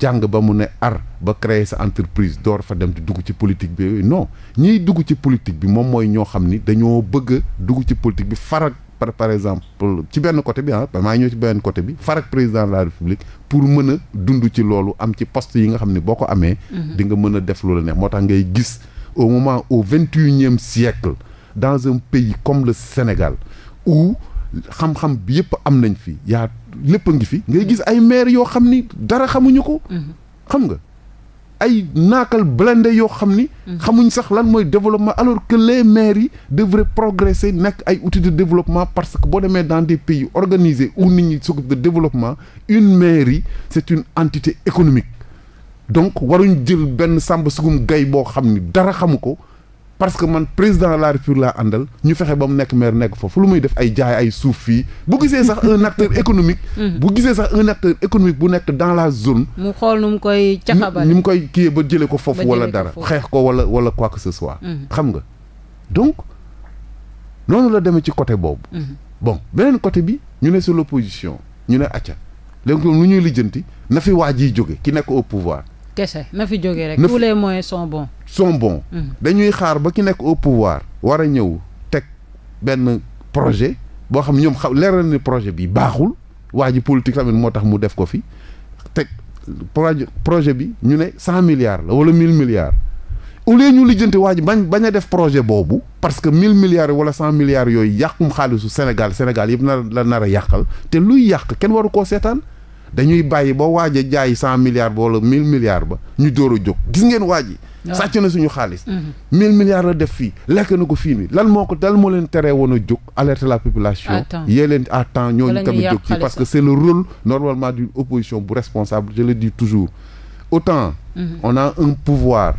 jàng ba mu ne ar ba créer sa entreprise doo fa dem di dugg ci politique bi non ñiy dugg ci politique bi moom mooy ñoo xam ni dañoo bëgg dugg ci politique bi farak par par exemple ci benn côté bi ah maa ngi ñëw ci benn côté bi farak président de la république pour mën a dund ci loolu am ci poste yi nga xam ne boo ko amee. Mhm. di nga mën a def loolu neex moo tax ngay gis au moment au vingt et unième siècle dans un pays comme le Sénégal où xam-xam bi yëpp am nañ fi yaa lépp a ngi fi. ngay gis ay maire yoo xam ni dara xamuñu ko. Mhm. xam nga. ay naakal blindé yoo xam ni. Mhm. xamuñ sax lan mooy développement alors que les maires yi devraient progresser nekk ay outils de développement parce que boo demee dans des pays organisés où nit ñi s'occupe de développement une mairie c'est une entité économique donc waruñ jël benn sàmba sugum gay boo xam ni dara xamu ko. parce que man président de la République laa àndal ñu fexe ba mu nekk maire nekk foofu lu muy def ay jaay ay suuf fii bu gisee sax un acteur économique. Mhm. bu gisee sax un acteur économique bu nekk dans la zone. mu xool nu mu koy caxabal mu koy kii ba jëlee ko foofu. wala dara xeex ko wala wala quoi que mhm. xam nga donc noonu la demee ci côté boobu. Mhm. bon beneen côté bi ñu ne su l'opposition ñu ne acca léegi lu ñuy lijjanti na fi waa jiy jóge ki nekk au pouvoir. kese na fi jógee rek. tous les moyens sont bons. sont bons. Mm. dañuy xaar ba ki nekk au pouvoir. war a ñëw teg benn projet boo xam ñoom xam leeral ni projet bi baaxul waa ji politique tamit moo tax mu def ko fi teg projet bi ñu ne cent milliards la wala mille milliards. au lieu ñu lijjanti waa bañ bañ a def projet boobu parce que mille milliards wala cent milliards yooyu yàqum xaalisu Sénégal Sénégal yëpp na la nar a yàqal te luy yàq kenn waru koo seetaan. dañuy bàyyi ba waaj jaay cent milliards ba wala mille milliards ba ñu door a jóg gis ngeen waaj yi sàcc na suñu xaalis mm-hmm. mille milliards la def fii lekk na ko fii nii lan moo ko dal moo leen tere woon a jóg alerter la population yee leen à temps ñooñu tamit jóg ci parce que c'est le rôle normalement d'une opposition bu responsable je le dis toujours autant mm a un pouvoir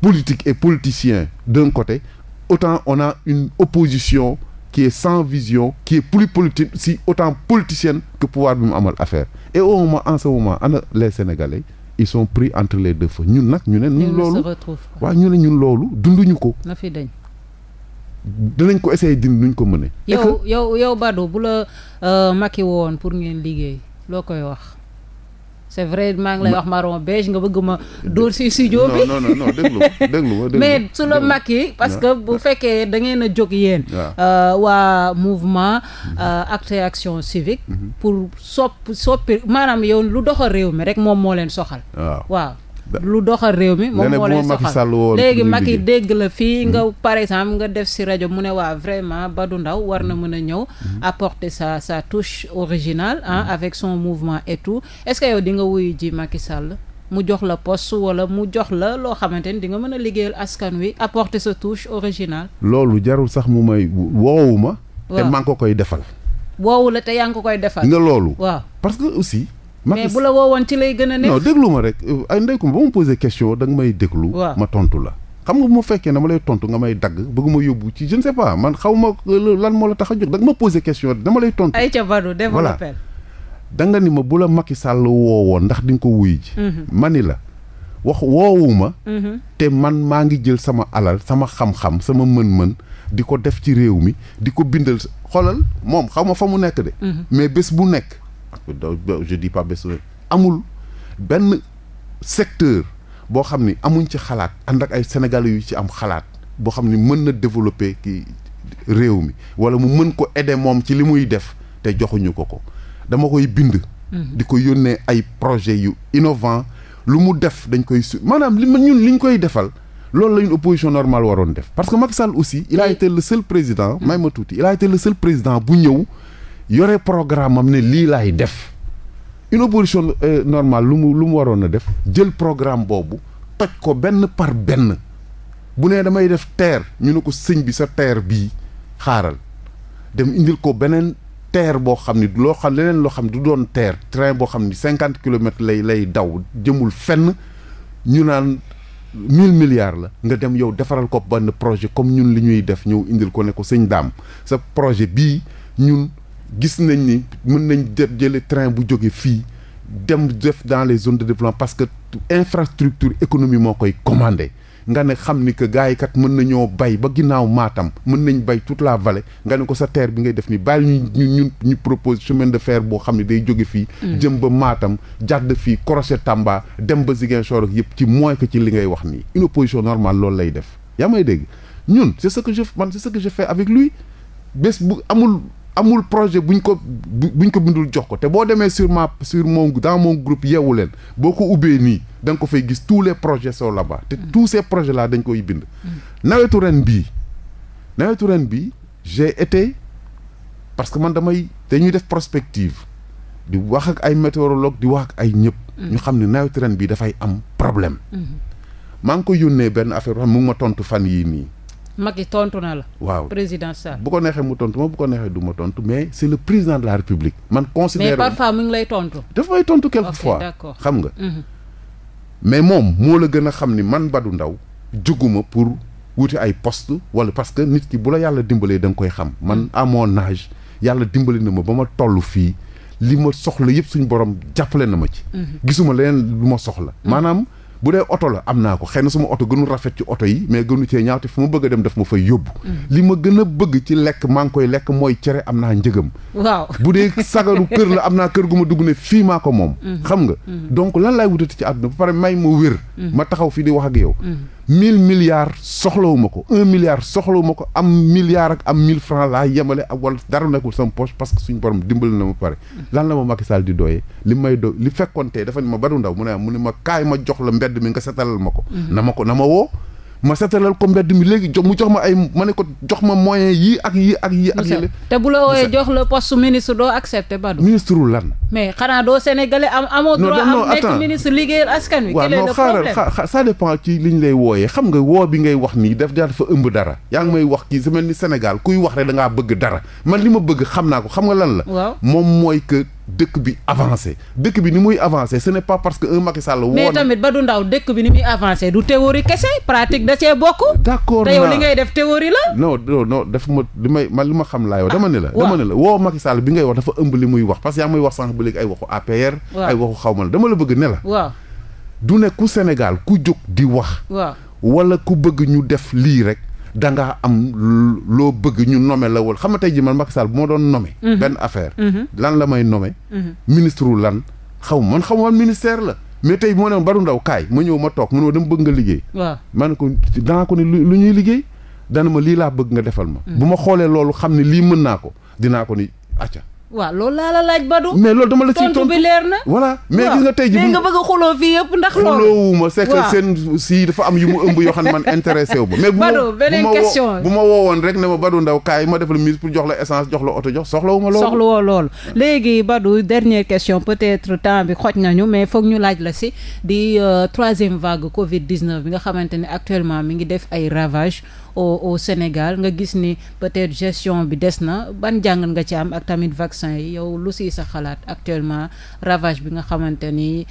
politique et politicien d'un côté autant on a une opposition qui est sans vision qui est plus politique si autant politicienne que pouvoir bi mu amal affaire et au moment en ce ana les sénégalais ils sont pris entre les deux feux ñun nag ñu ne ñun loolu waaw ñu ne ñun loolu dunduñu ko na fi dañ danañ ko essayer dindi nuñ ko mëne yow yow yow Badou bu la euh, Macky woon pour ngeen liggéey loo koy wax c'est vrai maa ngi lay wax marron beige nga bëgg ma dóor si si bi non ma mais su la mag yi parce que bu fekkee da ngeen a jóg yéen euh, waa mouvement mm-hmm. euh, acte action civique mm-hmm. pour sopp soppi maanaam yow lu doxal réew mi rek moom moo leen soxal waaw lu doxal réew mi moom moo lay soxal léegi Macky dégg la fii mm-hmm. nga par exemple nga def si rajo mu ne waa vraiment du ndaw war na mën a ñëw mm-hmm. apporter sa sa touche originale ah avec son mouvement et tout yow di nga wuyu ji Macky Sall mu jox la post wala mu jox la loo xamante ni di nga mën a liggéeyal askan wi apporter sa touche originale loolu jarul sax mu may woowu ma te maa ko koy defal woowu la te yaa ngi koy defal nga loolu waaw parce que aussi mais bu la woowoon ci lay gën a nekk non déglu ma rek euh, ay ndey ko ba ma posé question da nga may déglu. ma tontu la. xam nga bu ma fekkee ma lay tontu nga may dagg bëgg ma yóbbu ci je ne man xaw ma euh, lan moo la tax a jox da nga ma posé question dama lay tontu. ay ca Badou développé da nga ni ma bu la Macky Sall woowoon ndax di nga ko wuy ji. Mhm. ma ni la wax woowu ma. Mhm. te man maa ngi jël sama alal sama xam-xam sama mën-mën. di ko def ci réew mi di ko bindal xoolal moom xaw ma fa mu nekk de. Mhm. mais bés bu nekk. ak je dis pas bés amul benn secteur boo xam ni amuñ ci xalaat ànd ak ay sénégalais yu ci am xalaat boo xam ni mën na développé kii réew mi wala mu mën ko aider moom ci li muy def te joxuñu ko ko dama koy bind. Mhm. di ko yónnee ay projet yu innovant lu mu def dañ koy su maanaam li ñun liñ koy defal loolu la une opposition normale waroon def. parce que Macky Sall aussi il a été le seul président. may mhm. ma tuuti il a été le seul président bu ñëw. yore programme am ne lii laay def une opposition euh, lu mu lu mu waroon a def jël programme boobu toj ko benn par benn bu nee damay def terre ñu ne ko sëñ bi sa terre bii xaaral dem indil ko beneen terre boo xam ni loo xam leneen loo xam ne du doon teer train boo xam ni cinquante kilomètres lay lay daw jëmul fenn ñu naan mille milliards la nga dem yow defaral ko benn projet comme ñun li ñuy def ñëw indil ko ne ko sëñ daam sa projet bii ñun gis nañ ni mën nañ def jële train bu jóge fii dem def dans les zones de développement parce que infrastructure économie moo koy commandé nga ne xam ni que gars yi kat mën nañoo bay ba ginnaaw maatam mën nañ bay toute la vallée nga ne ko sa terre bi ngay def ni bàyyi ñu ñu ñu propose chemin de fer boo xam ne day jóge fii mm. jëm ba maatam jàdd fii crochet Tamba dem ba Ziguinchor ak yëpp ci moins que ci li ngay wax nii une opposition normale loolu lay def yaa may dégg ñun avec lui bés bu amul amul projet buñ ko buñ ko bindul jox ko te boo demee sur ma sur mon dans mon groupe yeewu leen boo ko ubbee nii da ko fay gis tous les projets sont là-bas te mm. tous ces projets dañ koy bind mm. nawetu ren bii nawetu ren bii j'ai été parce que man damay dañuy def prospective di wax ak ay météorologue di wax ak ay ñëpp mm. ñu xam ne nawetu ren bii dafay am problème mm-hmm. maa ngi ko yónnee benn affaire boo xam mu ngi ma tontu fan yii nii Macky tontu na la. waaw président Sall. bu ko neexee mu tontu ma bu ko neexee du ma tontu mais c' est le président la république. man considère mais parfois mu ngi lay tontu. dafa may tontu quelque fois xam nga. Mhm. mais moom moo la gën a xam ni man Badou Ndaw ma pour wuti ay post wala parce que nit ki bu la yàlla dimbalee da koy xam. man mm. à mon âge yàlla dimbali na ma ba ma toll fii li ma soxla yëpp suñu borom jàppale na ma ci. Mhm. gisuma leneen lu ma soxla mm. maanaam. bu dee oto la am naa ko xëy na suma oto gënul rafet ci oto yi mais gënu cee ñaaw te fu ma bëgg a dem daf ma fay yóbbu. Mm. li ma gën a bëgg ci lekk maa ngi koy lekk mooy cere am naa njëgam. waaw bu dee sagaru kër la am naa kër gu ma dugg ne fii maa ko moom. Mm. xam nga mm. donc lan laay wutati ci àdduna ba pare may ma wér. ma taxaw fii di wax ak yow. mille milliards soxlawuma ko un milliard ma ko am milliard ak am mille franc laa yemale ak wala dara nekkul sama poche parce que suñu borom dimbali na ma pare. lan la ma Macky Sall di dooyee li may do li fekkoon tey dafa ne ma badu ndaw mu ne mu ne ma kaay ma jox la mbedd mi nga setalal ma ko. Mm-hmm. na ma ko na ma woo. ma seetalal ko mbedd mi léegi jox mu jox ma ay ma ne ko jox ma moyen yii ak yii ak yii ak yële te bu la wooyee jox la poste ministre doo accepté Badou ministre wu lan mais xanaa doo sénégalais am amoo droit am nekk ministre liggéeyal askan wi waaw non xaaral ça dépend ci li ñu lay wooyee xam nga woo bi ngay wax nii daf daal fa ëmb dara yaa ngi may wax kii su mel ni Sénégal kuy wax rek da ngaa bëgg dara man li ma bëgg xam naa ko xam nga lan la moom mooy que dëkk bi avancé dëkk bi ni muy avancé ce n'est pas parce que un Macky Sall woo mais tamit Badou Ndao dëkk bi ni muy avancé du théorie kese pratique da cee bokk. d'accord te yow li ngay def théorie la. non non non daf ma li may man li ma xam laa yow. dama ne la ah, dama ne la woo Macky Sall bi ngay wax dafa ëmb li muy wax parce que yaa may wax sànq ba léegi ay waxu APR. ay waxu xaw ma la dama la bëgg ne la. waaw du ne ku senegal ku jóg di wax. waaw wala ku bëgg ñu def lii rek. dangaa am loo bëgg ñu nome la wal xam nga tey jii man Macky Sall bu ma doon nommé. Mhm. benn affaire. Mhm. lan la may nommé. Mhm. ministre wu lan xaw man xaw man ministère la. mais tey moo ne ma Badou Ndao kaay ma ñëw ma toog mu ne bëgg nga liggéey. waaw ma ne ko danaa ko ne lu ñuy liggéey. dana ma lii laa bëgg nga defal ma. Mm. bu ma xoolee loolu xam ne lii mën naa ko dinaa ko ni acca waaw loolu laa la laaj Badou. mais loolu dama la ciy tontu bi leer na. voilà mais gis nga tey jii nga bëgg a xuloo fii yëpp ndax loolu. xuloowu ma dafa am yu mu yoo xam ne man intéressé wu ma. mais bu ma Badou beneen question bu ma woowoon rek ne ma Badou Ndaw kaay ma def la mise pour jox la essence jox la oto jox soxlawu ma loolu. soxlawoo loolu léegi Badou dernière question peut-être temps bi xoj nañu mais foog ñu laaj la si di euh, troisième vague Covid 19 bi nga xamante ne actuellement mi ngi def ay ravage au au Sénégal nga gis ni peut-être gestion bi des na ban jàngat nga ci am ak tamit vaccin yi yow lu siy sa xalaat actuellement ravage bi nga xamante ni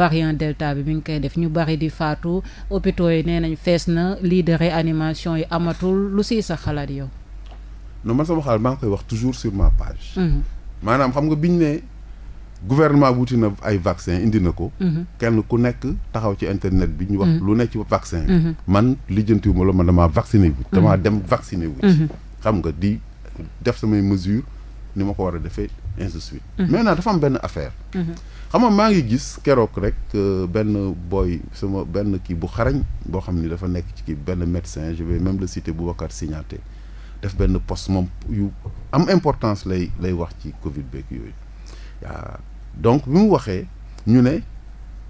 variant delta bi mi ngi koy def ñu bari di faatu hôpitaux yi nee nañ fees na lii de réanimation yi amatul lu siy sa xalaat yow. non man sama xalaat maa ngi koy wax toujours sur ma page. Mm-hmm. maanaam xam nga biñ ne. gouvernement wuti na ay vaccin indi na ko. Mhm. kenn ku nekk taxaw ci internet bi. ñu wax mhm. lu nekk ci vaccin mhm. man man lijjantiwu ma la man damaa vacciné wu. damaa dem vacciné wu. xam nga di def samay mesure ni ma ko war a defee ainsi de suite. dafa am benn affaire. xam nga maa ngi gis keroog rek euh, benn booy sama benn kii bu xarañ boo xam ni dafa nekk ci kii benn médecin je vais même le citer Boubacar Signaté def benn poste moom yu am importance lay lay wax ci Covid beeg yooyu donc bi mu waxee ñu ne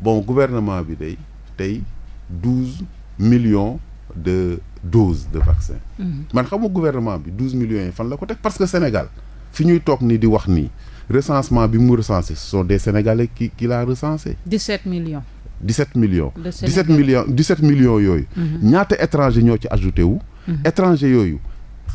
bon gouvernement bi day tey douze millions de doses de vaccin mhm. man xam nga gouvernement bi douze millions yi fan la ko teg parce que Sénégal fi ñuy toog ni di wax nii recensement bi mu recensé ce sont des Sénégalais qui qui l'a recensé. dix-sept millions. dix-sept millions. dix-sept millions dix-sept millions yooyu. Mhm. ñaata étranger ñoo ci ajouté wu. Mhm. étranger yooyu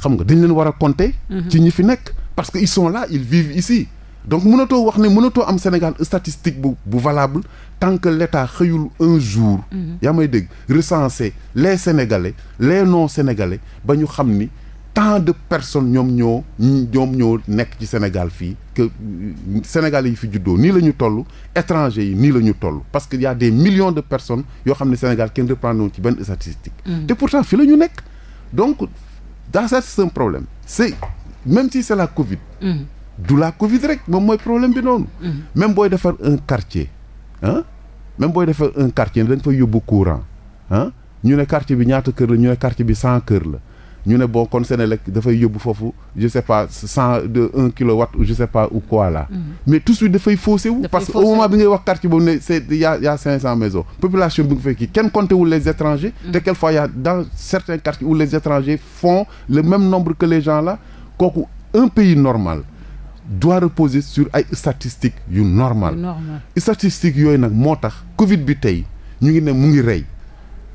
xam nga dañ leen war a compter. ci ñi fi nekk parce que ils sont là ils vivent ici. donc mënatoo wax ne mënatoo am Sénégal statistique bu bu valable tant que l'État xëyul un jour. Mhm. yaa may dégg recenser les sénégalais lee non sénégalais ba ñu xam ni tant de personnes ñoom ñoo ñoom ñoo nekk ci Sénégal fii que euh, sénégalais yi fi juddoo nii la ñu toll étrangers yi nii la ñu toll parce que y a des millions de personnes yoo xam ne Sénégal kenn reprendre ci benn statistique. Mhm. te pourtant fi la ñu nekk donc dans ça c'est problème c'est même si c'est la Covid. Mhm. du la Covid rek moom mooy problème bi noonu. Mm-hmm. même booy defar un quartier ah même booy defar un quartier dañ fa yóbbu courant ah ñu ne quartier bi ñaata kër la ñu ne quartier bi cent kër la. ñu ne bon kon Senelec dafay yóbbu foofu je sais pas de un kilowatt ou je sais pas ou quoi là. Mm -hmm. mais de suite dafay faussé parce que au moment bi ngay wax quartier boobu ne c'est y a y a cinq cent maisons. population bi nga fay kenn compté mm-hmm. te le même nombre que les gens là kooku un pays normal. doit reposer sur ay statistiques yu normal statistiques yooyu nag moo tax Covid bi tey ñu ngi ne mu ngi rey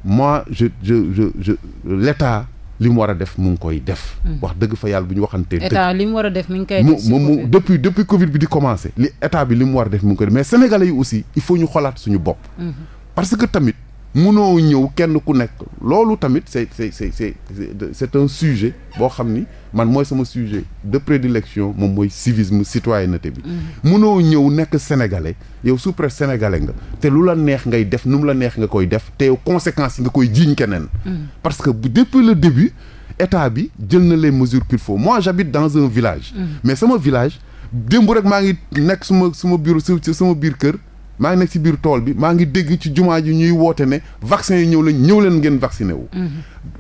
mois je je je je l'état li mu war a def mu ngi koy def. Hmm. wax dëgg fa yàlla bu ñu waxantee. état li mu war a def mi ngi koy def mu mu depuis depuis Covid bi di commencé. li état bi li mu war a def mu ngi koy def mais sénégalais yi aussi il faut ñu xolaat suñu bopp. Hmm. munoo ñëw kenn ku nekk loolu tamit c'est c'est c'est c'est c'est un sujet boo xam ni man mooy sama sujet de prédilection moom mooy civisme citoyenneté bi mënoo mm-hmm. ñëw nekk sénégalais yow su presse sénégalais nga te lu la neex ngay def nu mu la neex nga koy def te yow conséquences yi nga koy jiiñ keneen mm-hmm. parce que depuis le début état bi jël na les mesures qu'il faut moi j'habite dans un village mm-hmm. mais sama village démb rek maa ngi nekk suma suma bureau sama biir kër maa ngi nekk ci biir tool bi maa ngi dégg ci jumaa ji ñuy woote ne vaccin yi ñëw leen ñëw leen ngeen vacciné wu. Mhm.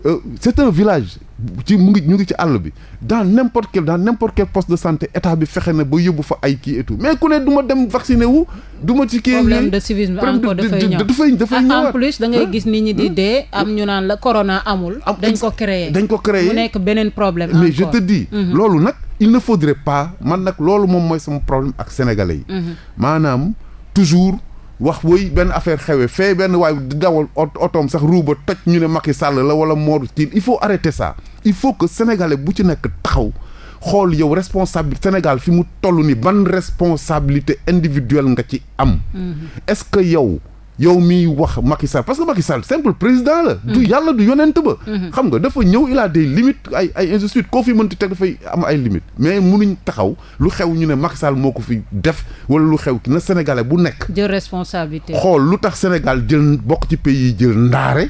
Euh, c'est un village ci mu ngi ñu ngi ci àll bi daan n'importe quel dans n'importe quel poste de santé état bi fexe na ba yóbbu fa ay kii et tout mais ku ne du ma dem vacciné wu. du ma ci kii problème de civisme encore dafay ñëw dafay dafay ah, ñëwaat en da ngay gis ni ñi di dee am ñu naan la corona amul. Ah, dañ ko créer dañ ko créer mu nekk beneen problème. mais je te dis. Mhm. loolu nag il ne faudrait pas man nag loolu moom mooy sama problème ak sénégalais yi. Mhm. toujours wax woy benn affaire xewee fee benn waaye dawal otoom sax ruuba toj ñu ne Macky Sall la wala Modou Tine il faut arrêter ça il faut que sénégalais bu ci nekk taxaw xool yow responsabilité Sénégal fi mu toll ni ban responsabilité individuelle nga ci am mm-hmm. est-ce que yow yow miy wax Macky Sall parce que Macky Sall simple président la. du mm. yàlla du yonent ba. Mm-hmm. xam nga dafa ñëw il a des limites ay ay instituts koo fi mënti teg dafay am ay limites. mais munuñ taxaw lu xew ñu ne Macky Sall moo ko fi def wala lu xew na sénégalais bu nekk. jël responsabilité. xool lu tax Sénégal jël bokk ci pays jël ndaare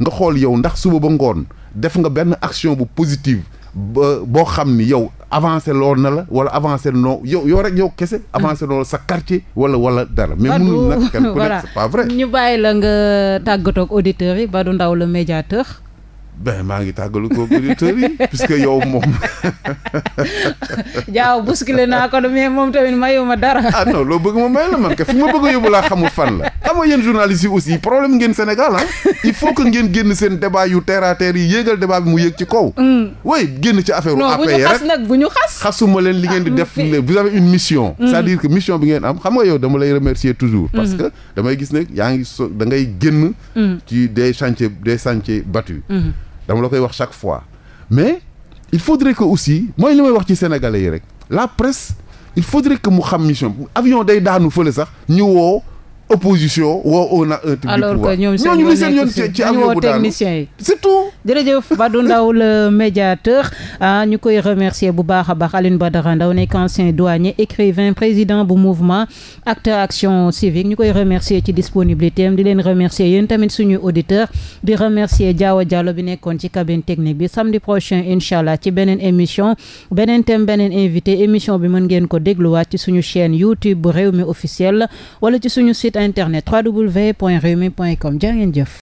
nga xool yow ndax suba ba ngoon def nga benn action bu positive boo xam ni yow. avancé lool na la wala avancé noo yow yow rek yow kese avancé lool sa quartier wala wala dara mais mënul nag kenn ku nekk c'est pas vrai ñu bàyyi la nga tàggatoo auditeurs yi Badou Ndao la médiateur ben maa ngi tàggalu ko auditeurs yi puisque yow moom. jaaw bousculé naa ko mais moom tamit mayu ma dara. ah non loo bëgg ma may la man ka fi ma bëgg a yóbbu laa xamul fan la. xam nga yéen journalistes yi aussi problème ngeen Sénégal ah. il faut que ngeen génn seen débat yu terre à terre yi yéegal débat bi mu yéeg ci kaw. way mm. génn ci affaire. non bu ñu xas nag bu ñu xas. xasuma leen li ngeen di ah, def. vous avez une mission. Mm. c'est-à-dire que mission bi ngeen am xam nga yow dama lay remercier toujours. Mm. que damay gis ne yaa ngi so da ngay génn. ci des chantiers des chantiers battus. dama loo koy wax chaque fois mais il faudrait que aussi mooy li moy wax ci sénégalais yi rek la presse il faudrait que mu xam mission avion day daanu fële sax ñu woo. opposition woo on a un type alors que ñoom seen ñooñu li seen yoon ci am yóbbu médiateur ah, ñu koy remercier bu baax a baax Alioune Badara Ndao nekk ancien douanier écrivain président bu mouvement acteur action civique ñu koy remercier ci disponibilité am di leen remercier yéen tamit suñu auditeur di remercier Diawa Diallo bi nekkoon ci cabine technique bi samedi prochain incha allah ci beneen émission beneen thème beneen invité émission bi mën ngeen ko dégluwaat ci suñu chaîne YouTube bu Rewmi officiel wala internet www.rewmi.com jaa ngeen jëf